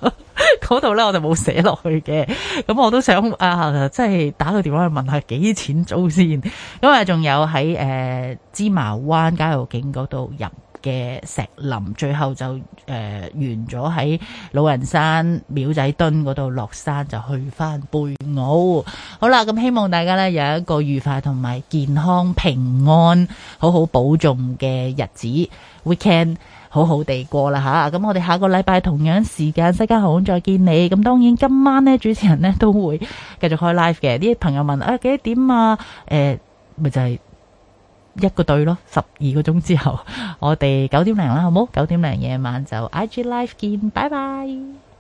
嗰度咧我就冇寫落去嘅，咁我都想啊，即係打個電話去問下幾錢租先，咁啊，仲有喺誒芝麻灣郊遊徑嗰度入。嘅石林，最後就誒、呃、完咗喺老人山廟仔墩嗰度落山，就去返貝澳。好啦，咁希望大家呢有一個愉快同埋健康平安，好好保重嘅日子。Weekend 好好地過啦吓，咁、啊、我哋下個禮拜同樣時間，西加航空再見你。咁當然今晚呢主持人呢都會繼續開 live 嘅。啲朋友問啊幾點啊？誒、欸、咪就係、是。一個隊咯，十二個鐘之後，我哋九點零啦，好冇？九點零夜晚上就 IG Live 見，拜拜。